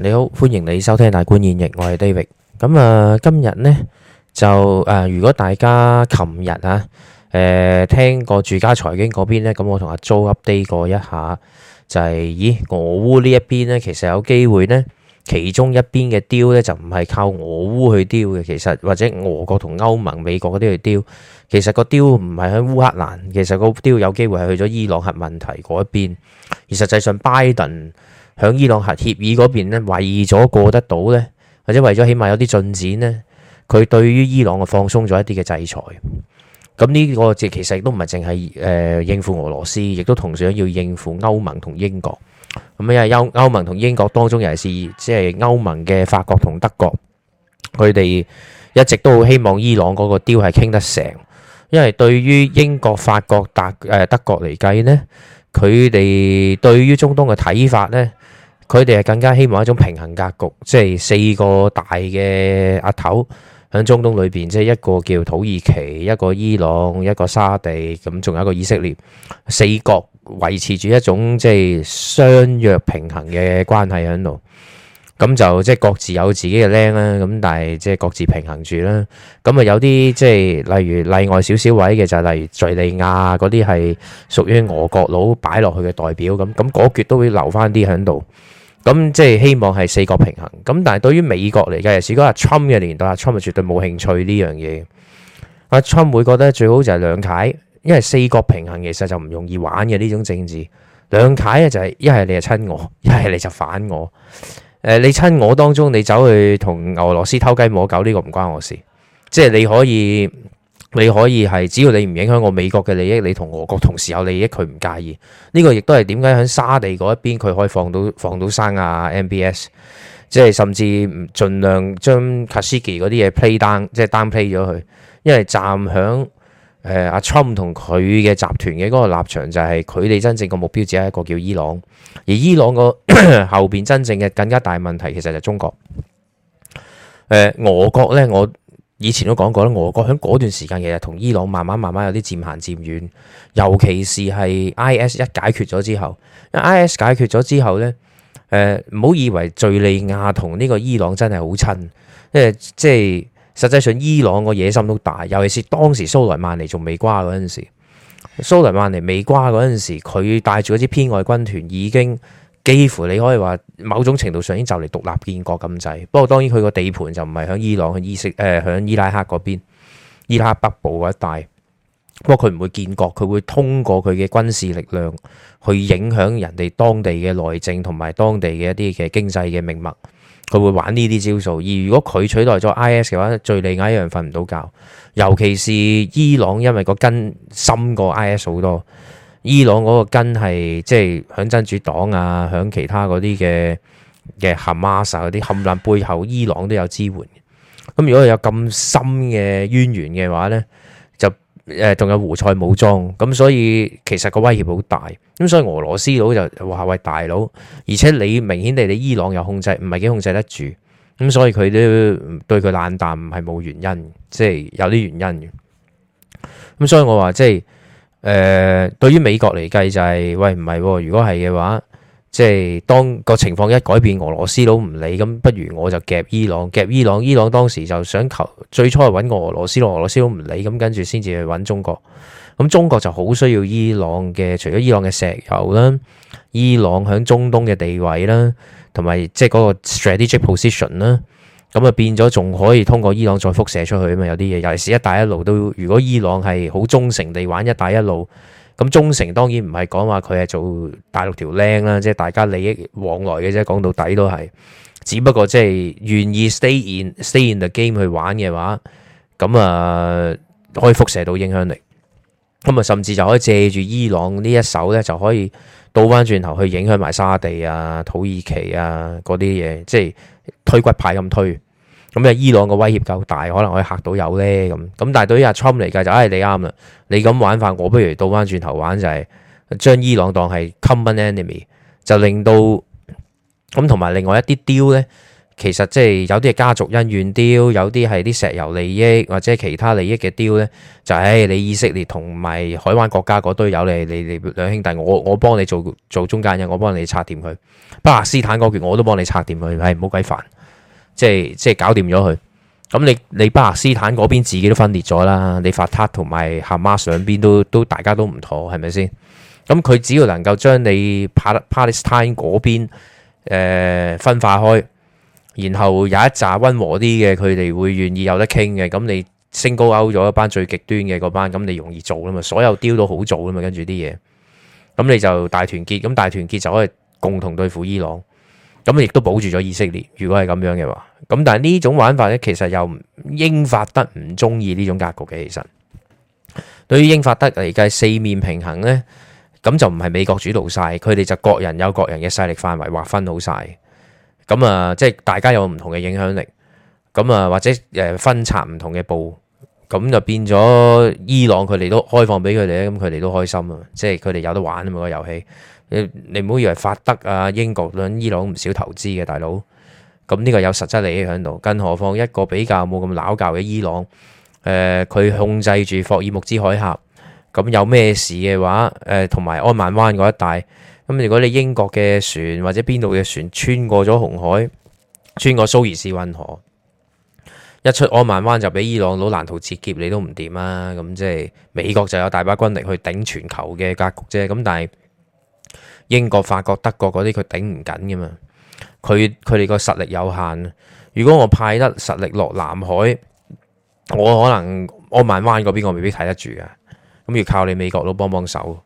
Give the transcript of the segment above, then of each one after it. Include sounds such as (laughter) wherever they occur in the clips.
你好，歡迎你收聽大觀演繹，我係 David。咁啊，今日咧就誒，如果大家琴日吓誒聽過住家財經嗰邊咧，咁我同阿 Joe update 過一下，就係咦，俄烏呢一邊咧，其實有機會咧，其中一邊嘅 deal 咧就唔係靠俄烏去 deal 嘅，其實或者俄國同歐盟、美國嗰啲去 deal，其實個 deal 唔係喺烏克蘭，其實個 deal 有機會係去咗伊朗核問題嗰一邊，而實際上拜登。喺伊朗核協議嗰邊咧，為咗過得到咧，或者為咗起碼有啲進展咧，佢對於伊朗就放鬆咗一啲嘅制裁。咁呢個即係其實都唔係淨係誒應付俄羅斯，亦都同時想要應付歐盟同英國。咁因為歐歐盟同英國當中，尤其是即係歐盟嘅法國同德國，佢哋一直都好希望伊朗嗰個 deal 係傾得成，因為對於英國、法國、德誒德國嚟計咧，佢哋對於中東嘅睇法咧。佢哋係更加希望一種平衡格局，即係四個大嘅阿頭喺中東裏邊，即係一個叫土耳其，一個伊朗，一個沙地，咁仲有一個以色列，四國維持住一種即係相若平衡嘅關係喺度。咁就即係各自有自己嘅靚啦，咁但係即係各自平衡住啦。咁啊有啲即係例如例外少少位嘅就係、是、例如敍利亞嗰啲係屬於俄國佬擺落去嘅代表咁，咁嗰橛都會留返啲喺度。咁即係希望係四國平衡，咁但係對於美國嚟講，如果阿 Trump 嘅年代，阿 Trump 絕對冇興趣呢樣嘢。阿 Trump 會覺得最好就係兩踩，因為四國平衡其實就唔容易玩嘅呢種政治。兩踩啊，就係一係你就親我，一係你就反我。誒，你親我當中，你走去同俄羅斯偷雞摸狗呢個唔關我事，即係你可以。你可以係，只要你唔影響我美國嘅利益，你同俄國同時有利益，佢唔介意。呢、呢個亦都係點解喺沙地嗰一邊佢可以放到放到生啊 MBS，即係甚至盡量將卡斯基嗰啲嘢 play down，即係 down play 咗佢。因為站響誒阿 Trump 同佢嘅集團嘅嗰個立場就係佢哋真正嘅目標只係一個叫伊朗，而伊朗個 (coughs) 後邊真正嘅更加大問題其實就係中國。誒、呃、俄國咧我。以前都講過咧，俄國喺嗰段時間其實同伊朗慢慢慢慢有啲漸行漸遠，尤其是係 I S 一解決咗之後，I S 解決咗之後呢，呃，唔好以為敍利亞同呢個伊朗真係好親，因為即係實際上伊朗個野心都大，尤其是當時蘇萊曼尼仲未瓜嗰陣時，蘇萊曼尼未瓜嗰陣時，佢帶住嗰支偏外軍團已經。幾乎你可以話，某種程度上已經就嚟獨立建國咁滯。不過當然佢個地盤就唔係響伊朗，響伊斯誒、呃、伊拉克嗰邊，伊拉克北部嗰一帶。不過佢唔會建國，佢會通過佢嘅軍事力量去影響人哋當地嘅內政同埋當地嘅一啲嘅經濟嘅命脈。佢會玩呢啲招數。而如果佢取代咗 IS 嘅話，敘利亞一樣瞓唔到覺。尤其是伊朗，因為個根深過 IS 好多。伊朗嗰個根係即係響真主黨啊，響其他嗰啲嘅嘅哈馬斯嗰啲冚唪唥背後，伊朗都有支援。咁如果有咁深嘅淵源嘅話咧，就誒仲、呃、有胡塞武裝。咁所以其實個威脅好大。咁所以俄羅斯佬就話，喂大佬，而且你明顯地你伊朗又控制，唔係幾控制得住。咁所以佢都對佢冷淡，唔係冇原因，即係有啲原因嘅。咁所以我話即係。誒、呃，對於美國嚟計就係，喂唔係、哦，如果係嘅話，即係當個情況一改變，俄羅斯佬唔理，咁不如我就夾伊朗，夾伊朗，伊朗當時就想求最初去搵俄羅斯佬，俄羅斯佬唔理，咁跟住先至去搵中國，咁、嗯、中國就好需要伊朗嘅，除咗伊朗嘅石油啦，伊朗喺中東嘅地位啦，同埋即係嗰個 strategic position 啦。咁啊，變咗仲可以通過伊朗再輻射出去啊嘛！有啲嘢，尤其是「一帶一路」都，如果伊朗係好忠誠地玩「一帶一路」，咁忠誠當然唔係講話佢係做大陸條靚啦，即係大家利益往來嘅啫。講到底都係，只不過即係願意 stay in stay in the game 去玩嘅話，咁啊可以輻射到影響力。咁啊，甚至就可以借住伊朗呢一手咧，就可以倒翻轉頭去影響埋沙地啊、土耳其啊嗰啲嘢，即係推骨牌咁推。咁啊，伊朗嘅威脅夠大，可能可以嚇到有咧咁。咁但係對於阿 Trump 嚟計就，唉、哎，你啱啦，你咁玩法，我不如倒翻轉頭玩就係、是、將伊朗當係 common enemy，就令到咁同埋另外一啲 deal 咧，其實即係有啲係家族恩怨 deal，有啲係啲石油利益或者其他利益嘅 deal 咧，就係、是哎、你以色列同埋海灣國家嗰堆友嚟，你你，你，你，你兩兄弟，我我幫你做做中間人，我幫你拆掂佢。巴勒斯坦嗰橛我都幫你拆掂佢，唔好鬼煩。即係即係搞掂咗佢，咁你你巴勒斯坦嗰邊自己都分裂咗啦，你法塔同埋哈馬上邊都都大家都唔妥，係咪先？咁佢只要能夠將你巴巴勒斯坦嗰邊誒、呃、分化開，然後有一紮溫和啲嘅，佢哋會願意有得傾嘅，咁你升高歐咗一班最極端嘅嗰班，咁你容易做啦嘛，所有雕都好做啦嘛，跟住啲嘢，咁你就大團結，咁大團結就可以共同對付伊朗。咁亦都保住咗以色列。如果係咁樣嘅話，咁但係呢種玩法咧，其實又唔英法德唔中意呢種格局嘅。其實對於英法德嚟計，四面平衡咧，咁就唔係美國主導晒，佢哋就各人有各人嘅勢力範圍劃分好晒。咁啊，即係大家有唔同嘅影響力。咁啊，或者誒分拆唔同嘅部，咁就變咗伊朗佢哋都開放俾佢哋，咁佢哋都開心啊！即係佢哋有得玩啊嘛個遊戲。你唔好以為法德啊、英國對伊朗唔少投資嘅大佬，咁呢個有實質利益喺度。更何況一個比較冇咁撈教嘅伊朗，誒、呃、佢控制住霍爾木茲海峽，咁有咩事嘅話，誒同埋安曼灣嗰一帶，咁如果你英國嘅船或者邊度嘅船穿過咗紅海，穿過蘇伊士運河，一出安曼灣就俾伊朗佬攔途截劫，你都唔掂啊！咁即係美國就有大把軍力去頂全球嘅格局啫。咁但係，英國、法國、德國嗰啲佢頂唔緊㗎嘛，佢，佢哋個實力有限。如果我派得實力落南海，我可能阿曼灣嗰邊我未必睇得住嘅。咁要靠你美國都幫幫手。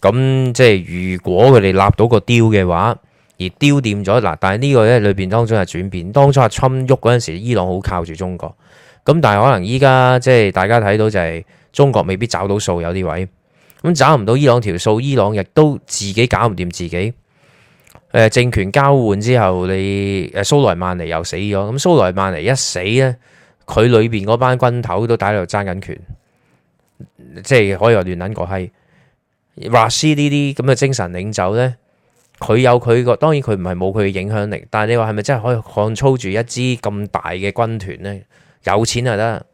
咁即係如果佢哋立到個雕嘅話，而雕掂咗嗱，但係呢個咧裏邊當中係轉變。當初係侵喐嗰陣時，伊朗好靠住中國。咁但係可能依家即係大家睇到就係、是、中國未必找到數有啲位。咁找唔到伊朗條數，伊朗亦都自己搞唔掂自己。誒、呃、政權交換之後，你誒蘇萊曼尼又死咗。咁蘇萊曼尼一死咧，佢裏邊嗰班軍頭都打喺度爭緊權，即係可以話亂揾個閪。白斯呢啲咁嘅精神領袖咧，佢有佢個，當然佢唔係冇佢嘅影響力。但係你話係咪真係可以控操住一支咁大嘅軍團咧？有錢就得，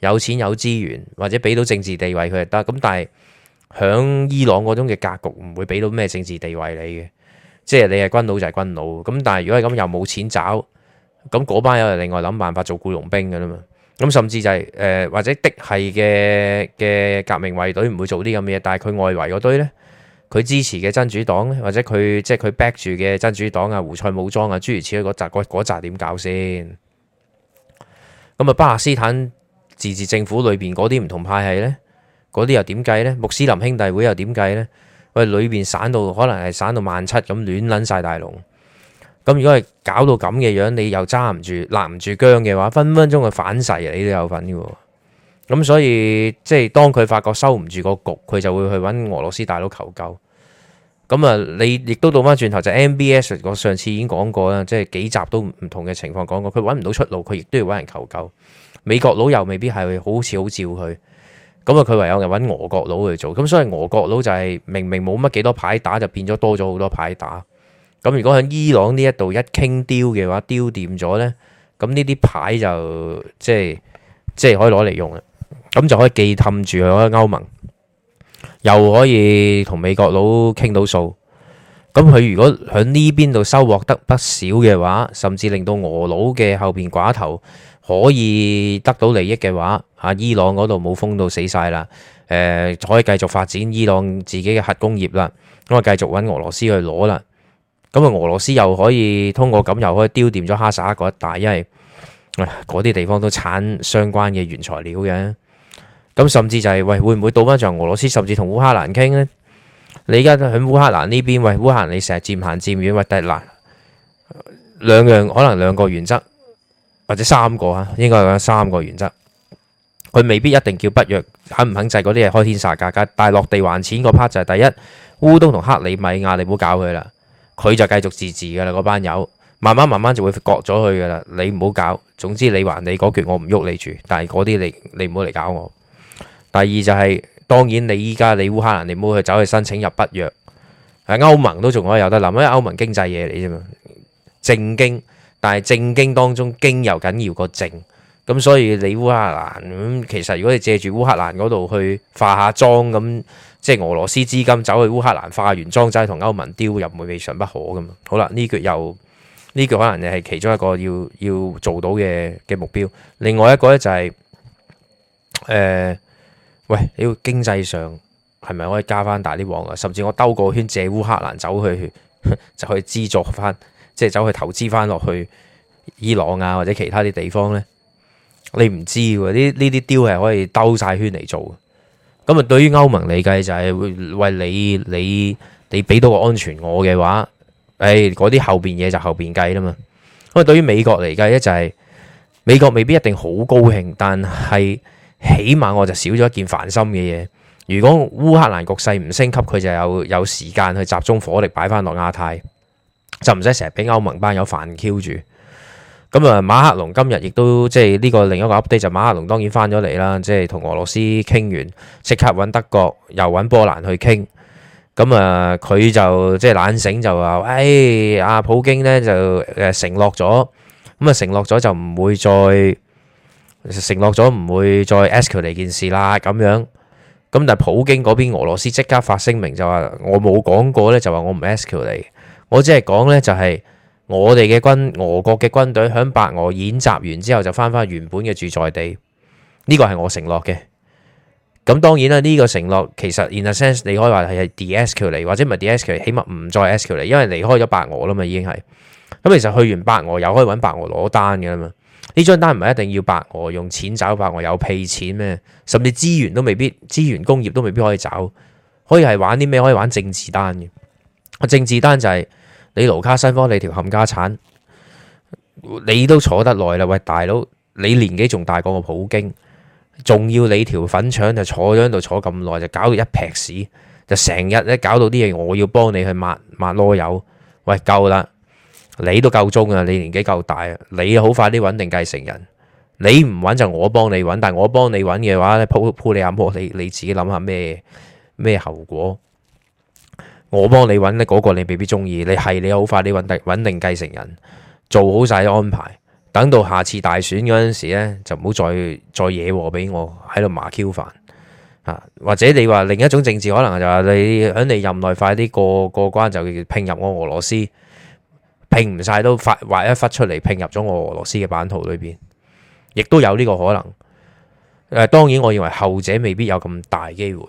有錢有資源或者俾到政治地位佢就得。咁但係，喺伊朗嗰種嘅格局唔會俾到咩政治地位你嘅，即係你係軍佬就係軍佬。咁但係如果係咁又冇錢找，咁嗰班人又係另外諗辦法做僱傭兵嘅啦嘛。咁甚至就係、是、誒、呃、或者係的係嘅嘅革命衛隊唔會做啲咁嘅嘢，但係佢外圍嗰堆呢，佢支持嘅真主黨呢，或者佢即係佢 back 住嘅真主黨啊胡塞武裝啊諸如此類嗰集嗰點搞先？咁啊巴勒斯坦自治政府裏邊嗰啲唔同派系呢。嗰啲又點計呢？穆斯林兄弟會又點計呢？喂，裏邊散到可能係散到萬七咁亂撚晒大龍。咁如果係搞到咁嘅樣，你又揸唔住、攔唔住姜嘅話，分分鐘佢反噬你都有份嘅喎。咁所以即係當佢發覺收唔住個局，佢就會去揾俄羅斯大佬求救。咁啊，你亦都倒翻轉頭就 MBS，我上次已經講過啦，即係幾集都唔同嘅情況講過。佢揾唔到出路，佢亦都要揾人求救。美國佬又未必係好似好照佢。咁啊！佢唯有揾俄國佬去做，咁所以俄國佬就係明明冇乜幾多牌打，就變咗多咗好多牌打。咁如果喺伊朗呢一度一傾丟嘅話，丟掂咗呢，咁呢啲牌就即係即係可以攞嚟用啦。咁就可以既氹住喺歐盟，又可以同美國佬傾到數。咁佢如果喺呢邊度收穫得不少嘅話，甚至令到俄佬嘅後邊寡頭，可以得到利益嘅話，嚇伊朗嗰度冇封到死晒啦，誒、呃、可以繼續發展伊朗自己嘅核工業啦，咁啊繼續揾俄羅斯去攞啦，咁啊俄羅斯又可以通過咁又可以丟掂咗哈薩克嗰一帶，因為嗰啲地方都產相關嘅原材料嘅，咁、啊、甚至就係、是、喂會唔會倒翻就俄羅斯甚至同烏克蘭傾呢？你而家喺烏克蘭呢邊，喂烏克蘭你成日漸行漸遠，喂得係嗱兩樣可能兩個原則。或者三個啊，應該有三個原則，佢未必一定叫北約肯唔肯制嗰啲嘢開天殺價㗎，但係落地還錢嗰 part 就係第一，烏東同克里米亞，你唔好搞佢啦，佢就繼續自治噶啦，嗰班友慢慢慢慢就會割咗佢噶啦，你唔好搞。總之你還你嗰橛，我唔喐你住，但係嗰啲你你唔好嚟搞我。第二就係，當然你依家你烏克蘭，你唔好去走去申請入北約，喺歐盟都仲可以有得諗，因為歐盟經濟嘢嚟啫嘛，正經。但係政經當中經又緊要過政，咁所以你烏克蘭咁，其實如果你借住烏克蘭嗰度去化下妝咁，即係俄羅斯資金走去烏克蘭化完妝仔同歐文丟，又唔會未嘗不可咁。好啦，呢句又呢句可能係其中一個要要做到嘅嘅目標。另外一個咧就係、是、誒、呃，喂，要、這個、經濟上係咪可以加翻大啲黃啊，甚至我兜個圈借烏克蘭走去 (laughs) 就去資助翻。即係走去投資翻落去伊朗啊，或者其他啲地方呢？你唔知喎。呢呢啲雕係可以兜晒圈嚟做。咁啊、就是，對於歐盟嚟計就係為你你你俾到個安全我嘅話，誒嗰啲後邊嘢就後邊計啦嘛。咁為對於美國嚟計呢就係、是、美國未必一定好高興，但係起碼我就少咗一件煩心嘅嘢。如果烏克蘭局勢唔升級，佢就有有時間去集中火力擺翻落亞太。就唔使成日俾歐盟班友煩 Q 住咁啊。馬克龍今日亦都即係呢個另一個 update 就馬克龍當然翻咗嚟啦，即係同俄羅斯傾完，即刻揾德國又揾波蘭去傾咁啊。佢就即係懶醒就話，誒，阿普京呢就誒承諾咗咁啊，承諾咗就唔會再承諾咗唔會再 ask you 嚟件事啦。咁樣咁，但係普京嗰邊俄羅斯即刻發聲明就話我冇講過呢，就話我唔 ask you 嚟。我只係講呢，就係我哋嘅軍，俄國嘅軍隊響白俄演習完之後，就返返原本嘅駐在地。呢個係我承諾嘅。咁當然啦，呢個承諾其實 in a sense 你可以話係係 de-escalate 嚟，或者唔係 de-escalate 嚟，起碼唔再 escalate 嚟，因為離開咗白俄啦嘛，已經係。咁其實去完白俄又可以搵白俄攞單嘅啦嘛。呢張單唔係一定要白俄用錢找白俄，有屁錢咩？甚至資源都未必，資源工業都未必可以找。可以係玩啲咩？可以玩政治單嘅。政治單就係。你盧卡申科，你條冚家鏟，你都坐得耐啦。喂，大佬，你年紀仲大過我普京，仲要你條粉腸就坐咗喺度坐咁耐，就搞到一劈屎，就成日咧搞到啲嘢。我要幫你去抹抹囉柚，喂，夠啦，你都夠鐘啊，你年紀夠大啊，你好快啲穩定繼承人。你唔穩就我幫你穩，但係我幫你穩嘅話咧，仆仆你阿婆，你你自己諗下咩咩後果。我幫你搵呢嗰個你未必中意。你係你好快，啲搵定穩定繼承人，做好晒安排，等到下次大選嗰陣時咧，就唔好再再惹禍俾我喺度麻 Q 煩，啊、或者你話另一種政治，可能就話你喺你任內快啲過過關，就叫拼入我俄羅斯，拼唔晒都發，畫一忽出嚟拼入咗我俄羅斯嘅版圖裏邊，亦都有呢個可能。誒、啊，當然，我認為後者未必有咁大機會。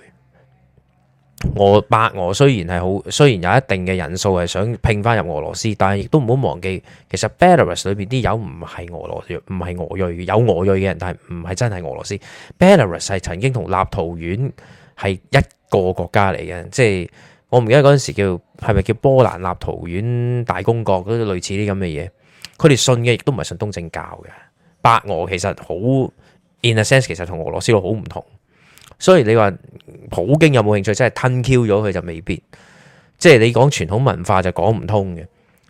俄白俄雖然係好，雖然有一定嘅人數係想拼翻入俄羅斯，但係亦都唔好忘記，其實 Belarus 裏邊啲有唔係俄羅，唔係俄裔，有俄裔嘅人，但係唔係真係俄羅斯。Belarus 係曾經同立陶宛係一個國家嚟嘅，即係我唔記得嗰陣時叫係咪叫波蘭立陶宛大公國嗰啲類似啲咁嘅嘢。佢哋信嘅亦都唔係信東正教嘅。白俄其實好 in a sense 其實同俄羅斯好唔同。所以你話普京有冇興趣？真係吞 Q 咗佢就未必，即係你講傳統文化就講唔通嘅。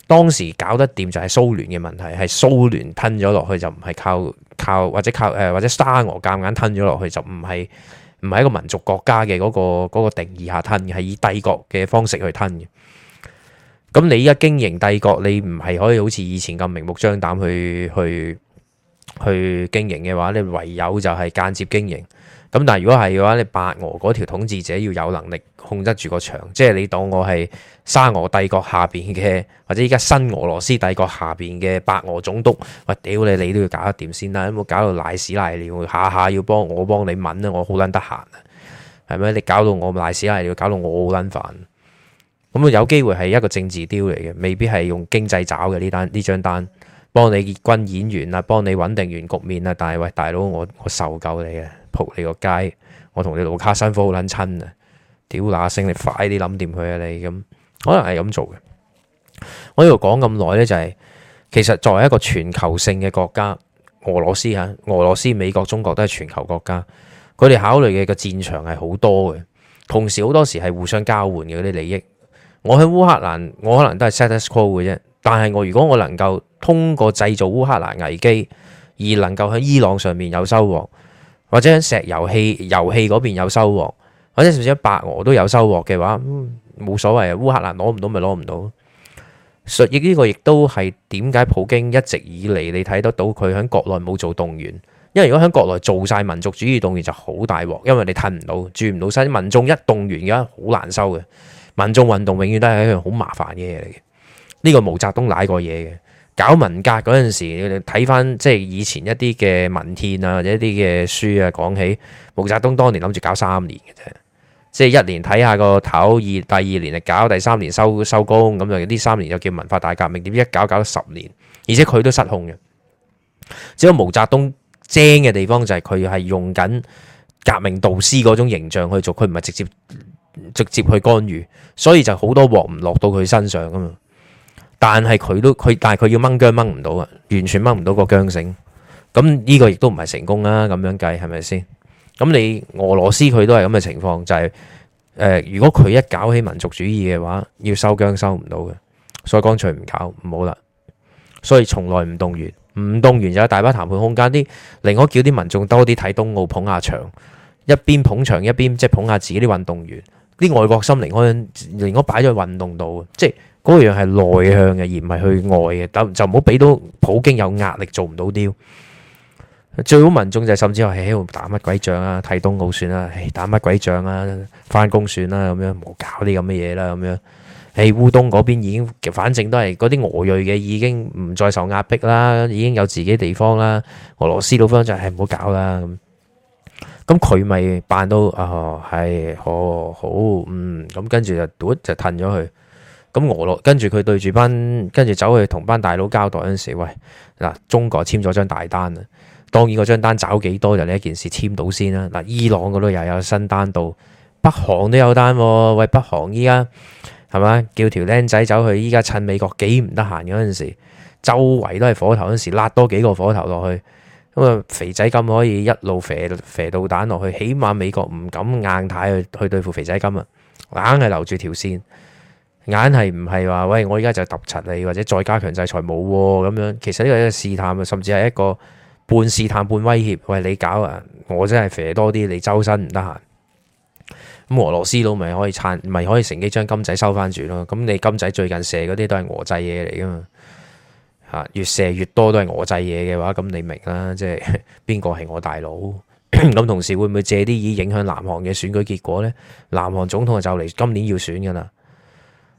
當時搞得掂就係蘇聯嘅問題，係蘇聯吞咗落去就唔係靠靠或者靠誒、呃、或者沙俄夾硬，硬吞咗落去就唔係唔係一個民族國家嘅嗰、嗰個、嗰個定義下吞嘅，係以帝國嘅方式去吞嘅。咁你而家經營帝國，你唔係可以好似以前咁明目張膽去去去經營嘅話，你唯有就係間接經營。咁但係如果係嘅話，你白俄嗰條統治者要有能力控制住個場，即係你當我係沙俄帝國下邊嘅，或者依家新俄羅斯帝國下邊嘅白俄總督，喂屌你，你都要搞得掂先啦，有冇搞到瀨屎瀨尿，下下要幫我幫你問啦，我好撚得閒啊，係咪？你搞到我瀨屎瀨尿，搞到我好撚煩。咁啊，有機會係一個政治雕嚟嘅，未必係用經濟找嘅，呢單呢張單幫你軍演完啦，幫你穩定完局面啦，但係喂大佬，我我受夠你嘅。 (music) 扑你個街，我同你老卡申科好撚親啊！屌乸聲，你快啲諗掂佢啊！你咁可能係咁做嘅。我呢度講咁耐呢，就係、是，其實作為一個全球性嘅國家，俄羅斯吓，俄羅斯、美國、中國都係全球國家，佢哋考慮嘅個戰場係好多嘅，同時好多時係互相交換嘅嗰啲利益。我喺烏克蘭，我可能都係 set us call 嘅啫，但係我如果我能夠通過製造烏克蘭危機而能夠喺伊朗上面有收穫。或者喺石油氣、油氣嗰邊有收穫，或者甚至喺白俄都有收穫嘅話，冇所謂啊！烏克蘭攞唔到咪攞唔到。術亦呢個亦都係點解普京一直以嚟你睇得到佢喺國內冇做動員，因為如果喺國內做晒民族主義動員就好大鑊，因為你褪唔到、住唔到身，民眾一動員而家好難收嘅。民眾運動永遠都係一樣好麻煩嘅嘢嚟嘅。呢個毛澤東舐過嘢嘅。搞文革嗰陣時，你哋睇翻即係以前一啲嘅文獻啊，或者一啲嘅書啊，講起毛澤東當年諗住搞三年嘅啫，即係一年睇下個頭，二第二年就搞，第三年收收工，咁就呢三年就叫文化大革命，點一搞搞咗十年，而且佢都失控嘅。只有毛澤東精嘅地方就係佢係用緊革命導師嗰種形象去做，佢唔係直接、嗯、直接去干預，所以就好多鑊唔落到佢身上㗎嘛。但係佢都佢，但係佢要掹韁掹唔到啊，完全掹唔到個韁繩。咁呢個亦都唔係成功啊。咁樣計係咪先？咁你俄羅斯佢都係咁嘅情況，就係、是、誒、呃，如果佢一搞起民族主義嘅話，要收韁收唔到嘅，所以乾脆唔搞，唔好啦。所以從來唔動員，唔動員就有大把談判空間。啲，寧可叫啲民眾多啲睇冬奧捧下捧場，一邊捧場一邊即係、就是、捧下自己啲運動員。啲外國心，另外寧可擺咗喺運動度，即係。嗰樣係內向嘅，而唔係去外嘅。就就唔好俾到普京有壓力，做唔到啲。最好民眾就甚至話喺度打乜鬼仗啊？睇東澳算啦，唉，打乜鬼仗啊？翻工算啦，咁樣唔好搞啲咁嘅嘢啦，咁樣。喺，烏東嗰邊已經，反正都係嗰啲俄裔嘅已經唔再受壓迫啦，已經有自己地方啦。俄羅斯嗰方就係唔好搞啦。咁，咁佢咪扮到啊？係哦，好嗯，咁跟住就斷就褪咗佢。咁俄羅跟住佢對住班跟住走去同班大佬交代嗰陣時，喂嗱，中國簽咗張大單啊，當然個張單找幾多就呢一件事簽到先啦。嗱、呃，伊朗嗰度又有新單到，北韓都有單，哦，喂，北韓依家係咪叫條僆仔走去，依家趁美國幾唔得閒嗰陣時，周圍都係火頭嗰陣時，拉多幾個火頭落去，咁啊肥仔金可以一路射吓導彈落去，起碼美國唔敢硬太，太去去對付肥仔金啊，硬係留住條線。硬係唔係話喂，我而家就揼柒你，或者再加強制裁冇咁、啊、樣。其實呢個係一個試探，甚至係一個半試探半威脅。喂，你搞啊，我真係肥多啲，你周身唔得閒。咁俄羅斯佬咪可以趁，咪可以乘機將金仔收翻住咯。咁你金仔最近射嗰啲都係俄製嘢嚟噶嘛？吓、啊，越射越多都係俄製嘢嘅話，咁你明啦。即係邊個係我大佬？咁 (laughs) 同時會唔會借啲意影響南韓嘅選舉結果咧？南韓總統就嚟今年要選噶啦。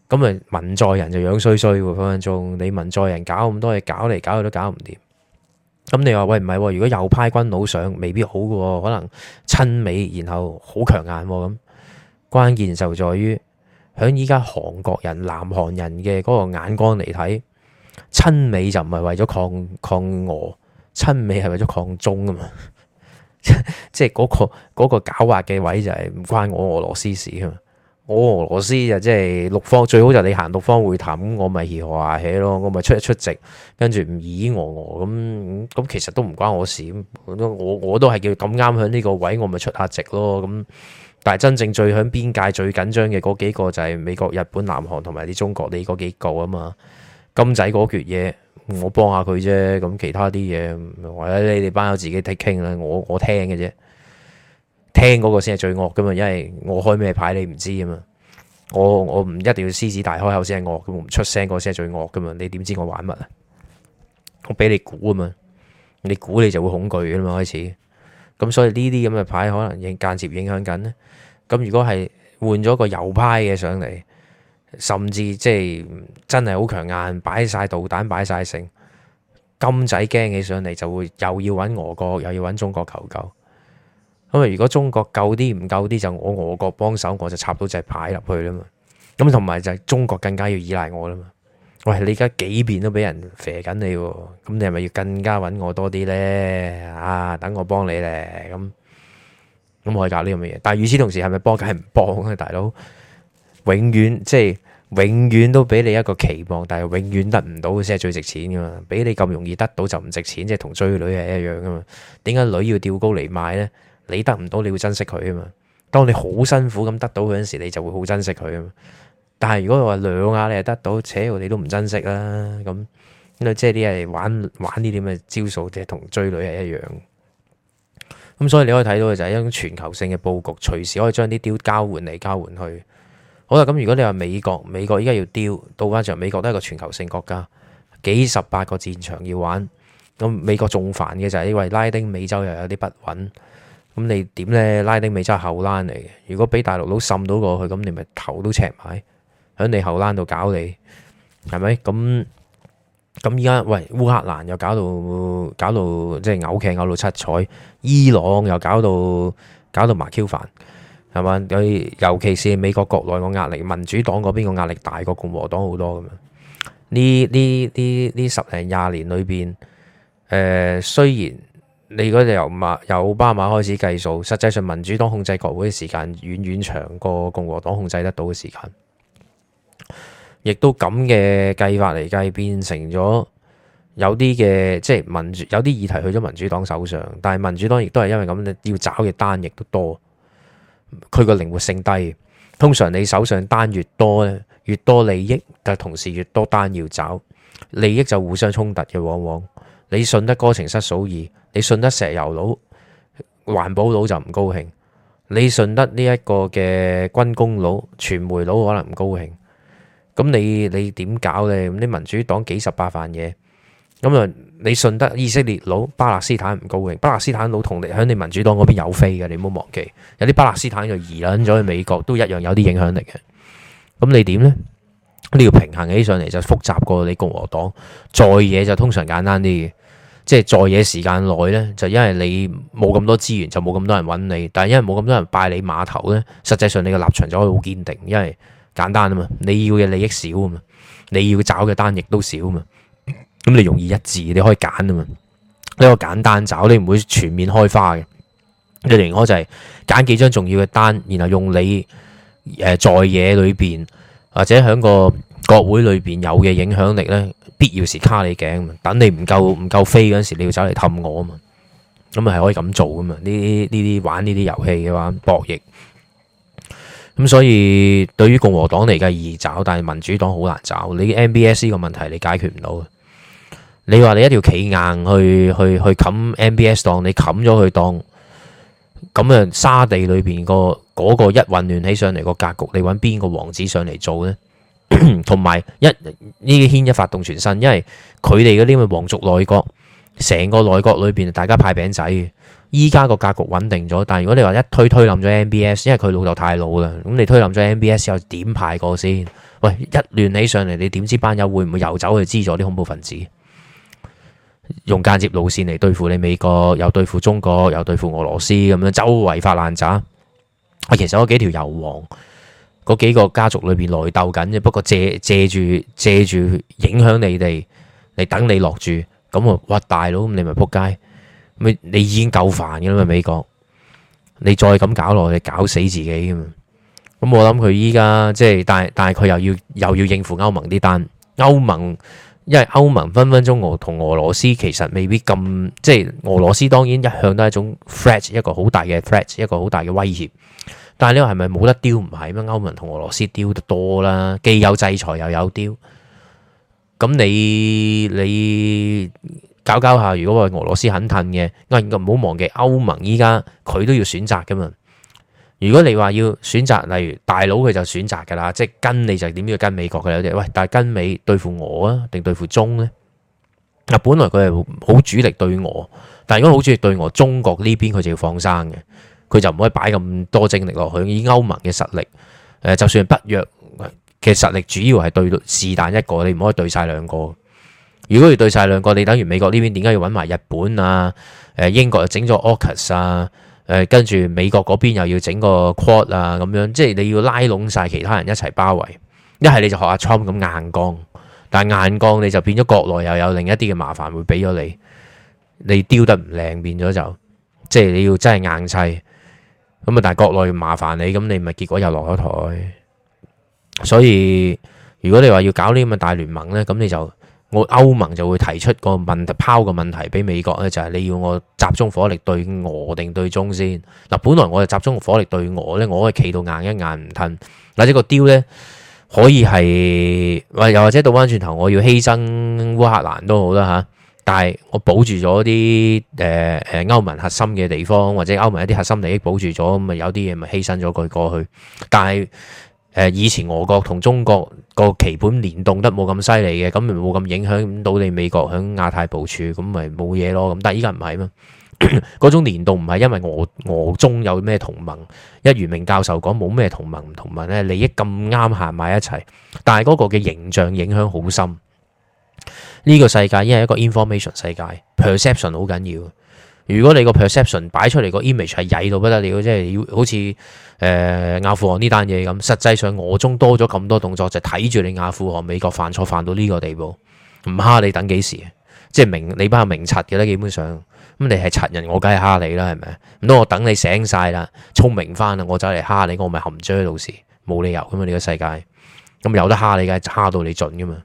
咁咪文在寅就樣衰衰喎，分分鐘你文在寅搞咁多嘢，搞嚟搞去都搞唔掂。咁你話喂唔係，如果右派軍佬上未必好嘅，可能親美然後好強硬咁。關鍵就在於響依家韓國人、南韓人嘅嗰個眼光嚟睇，親美就唔係為咗抗抗俄，親美係為咗抗中啊嘛。 (laughs) 即係嗰個、嗰個、嗰個狡猾嘅位就係唔關我俄羅斯嘅事啊嘛。我、哦、俄羅斯就即係六方最好就你行六方會談，我咪怡和下起咯，我咪出一出席，跟住唔依依我我咁咁，其實都唔關我事，我我都係叫咁啱喺呢個位，我咪出下席咯。咁但係真正最喺邊界最緊張嘅嗰幾個就係美國、日本、南韓同埋啲中國你嗰幾個啊嘛，金仔嗰橛嘢我幫下佢啫，咁其他啲嘢或者你哋班友自己 take 傾啦，我我聽嘅啫。聽嗰個先係最惡噶嘛，因為我開咩牌你唔知啊嘛，我我唔一定要獅子大開口先係惡噶嘛，唔出聲嗰先係最惡噶嘛，你點知我玩乜啊？我俾你估啊嘛，你估你就會恐懼噶嘛，開始。咁所以呢啲咁嘅牌可能影間接影響緊咧。咁如果係換咗個右派嘅上嚟，甚至即係真係好強硬，擺晒導彈，擺晒成金仔驚起上嚟，就會又要搵俄國，又要搵中國求救。咁啊！如果中國夠啲唔夠啲，就我俄國幫手，我就插到隻牌入去啦嘛。咁同埋就係中國更加要依賴我啦嘛。喂，你而家幾邊都俾人肥緊你喎，咁你係咪要更加揾我多啲咧？啊，等我幫你咧。咁、啊、咁我係搞呢咁嘅嘢，但係與此同時係咪幫梗係唔幫啊？大佬，永遠即係永遠都俾你一個期望，但係永遠得唔到先係最值錢噶嘛。俾你咁容易得到就唔值錢，即係同追女係一樣噶嘛。點解女要吊高嚟賣咧？你得唔到，你要珍惜佢啊嘛。當你好辛苦咁得到佢嗰時，你就會好珍惜佢啊嘛。但係如果你話兩下，你就得到，且我哋都唔珍惜啦。咁因為即係啲係玩玩呢啲嘅招數，即係同追女係一樣。咁所以你可以睇到嘅就係一種全球性嘅佈局，隨時可以將啲雕交換嚟交換去。好啦，咁如果你話美國，美國依家要雕，到翻就美國都係一個全球性國家，幾十八個戰場要玩。咁美國仲煩嘅就係因為拉丁美洲又有啲不穩。咁你點咧？拉丁美洲係後欄嚟嘅。如果俾大陸佬滲到過去，咁你咪頭都赤埋喺你後欄度搞你，係咪？咁咁依家喂，烏克蘭又搞到搞到即係嘔，嘔到，到七彩。伊朗又搞到搞到麻 Q 煩，係嘛？尤其是美國國內個壓力，民主黨嗰邊個壓力大過共和黨好多咁樣。呢呢呢十零廿年裏邊，誒、呃、雖然。你如果由馬由奧巴馬開始計數，實際上民主黨控制國會嘅時間遠遠長過共和黨控制得到嘅時間，亦都咁嘅計法嚟計，變成咗有啲嘅即係民主有啲議題去咗民主黨手上，但係民主黨亦都係因為咁你要找嘅單亦都多，佢個靈活性低。通常你手上單越多咧，越多利益，但係同時越多單要找，利益就互相衝突嘅，往往你信得哥情失嫂意，你信得石油佬、環保佬就唔高興，你信得呢一個嘅軍工佬、傳媒佬可能唔高興，咁你你點搞咧？咁啲民主黨幾十百萬嘢，咁啊你信得以色列佬、巴勒斯坦唔高興，巴勒斯坦佬同你喺你民主黨嗰邊有飛嘅，你唔好忘記，有啲巴勒斯坦就移咗去美國，都一樣有啲影響力嘅。咁你點咧？你要平衡起上嚟就複雜過你共和黨，再嘢就通常簡單啲，嘅。即係在野時間內咧，就因為你冇咁多資源，就冇咁多人揾你。但係因為冇咁多人拜你碼頭咧，實際上你嘅立場就可以好堅定，因為簡單啊嘛。你要嘅利益少啊嘛，你要找嘅單亦都少啊嘛。咁你容易一致，你可以揀啊嘛。呢個簡單找，你唔會全面開花嘅。你寧可就係揀幾張重要嘅單，然後用你誒在野裏邊或者響個國會裏邊有嘅影響力呢，必要時卡你頸，等你唔夠唔夠飛嗰陣時，你要走嚟氹我啊嘛，咁啊係可以咁做噶嘛？呢啲呢啲玩呢啲遊戲嘅話，博弈，咁所以對於共和黨嚟嘅易找，但係民主黨好難找。你 MBS 呢個問題你解決唔到，你話你一條企硬去去去冚 MBS 檔，你冚咗佢檔，咁啊沙地裏邊、嗰個嗰、嗰個一混亂起上嚟個格局，你揾邊個王子上嚟做呢？同埋 (coughs) 一呢牽一,一發動全身，因為佢哋嗰啲咁嘅皇族內閣，成個內閣裏邊大家派餅仔。依家個格局穩定咗，但係如果你話一推推冧咗 MBS，因為佢老豆太老啦，咁你推冧咗 MBS 又點派過先？喂，一亂起上嚟，你點知班友會唔會又走去資助啲恐怖分子，用間接路綫嚟對付你美國，又對付中國，又對付俄羅斯咁樣，周圍發爛渣。我其實有幾條油王。嗰幾個家族裏邊內鬥緊啫，不過借借住借住影響你哋嚟等你落注。咁啊哇大佬，你咪仆街，咪你已經夠煩㗎啦嘛美國，你再咁搞落去，你搞死自己㗎嘛。咁我諗佢依家即係，但係但係佢又要又要應付歐盟啲單，歐盟因為歐盟分分鐘俄同俄羅斯其實未必咁，即係俄羅斯當然一向都係一種 threat，一個好大嘅 threat，一個好大嘅威脅。但係呢個係咪冇得丟？唔係咩？歐盟同俄羅斯丟得多啦，既有制裁又有丟。咁你你搞搞下，如果話俄羅斯肯褪嘅，唔好忘記歐盟依家佢都要選擇噶嘛。如果你話要選擇，例如大佬佢就選擇噶啦，即係跟你就點要跟美國嘅？有啲喂，但係跟美對付俄啊，定對付中呢？嗱，本來佢係好主力對俄，但係如果好主力對俄，中國呢邊佢就要放生嘅。佢就唔可以擺咁多精力落去，以歐盟嘅實力，誒、呃、就算北約嘅實、實力，主要係對是但一個，你唔可以對晒兩個。如果要對晒兩個，你等於美國呢邊點解要揾埋日本啊？誒、呃、英國又整咗 AUKUS 啊？誒跟住美國嗰邊又要整個 Quad 啊？咁樣即係你要拉攏晒其他人一齊包圍，一係你就學阿 Trump 咁硬鋼，但係硬鋼你就變咗國內又有另一啲嘅麻煩會俾咗你，你丟得唔靚變咗就即係你要真係硬砌。咁啊！但係國內要麻煩你，咁你咪結果又落咗台。所以如果你話要搞呢咁嘅大聯盟呢，咁你就我歐盟就會提出個問題，拋個問題俾美國呢就係、是、你要我集中火力對俄定對中先？嗱，本來我就集中火力對俄呢，我係企到硬一硬唔褪。或者個雕呢，可以係或又或者倒翻轉頭，我要犧牲烏克蘭都好啦吓。但係我保住咗啲誒誒歐盟核心嘅地方，或者歐盟一啲核心利益保住咗，咁咪有啲嘢咪犧牲咗佢過去。但係誒以前俄國同中國個棋盤連動得冇咁犀利嘅，咁冇咁影響到你美國喺亞太部署，咁咪冇嘢咯。咁但係依家唔係咩？嗰種連動唔係因為俄俄中有咩同盟，一如明教授講冇咩同盟，同盟咧利益咁啱行埋一齊。但係嗰個嘅形象影響好深。呢個世界已係一個 information 世界，perception 好緊要。如果你個 perception 擺出嚟個 image 係曳到不得了，即係要好似誒阿富汗呢單嘢咁。實際上我中多咗咁多動作就睇、是、住你阿富汗美國犯錯犯到呢個地步，唔蝦你等幾時？即係明你班係明賊嘅啦，基本上咁你係賊人，我梗係蝦你啦，係咪？咁我等你醒晒啦，聰明翻啦，我走嚟蝦你，我咪含追到時冇理由咁啊！呢、這個世界咁有，有得蝦你梗係蝦到你盡噶嘛？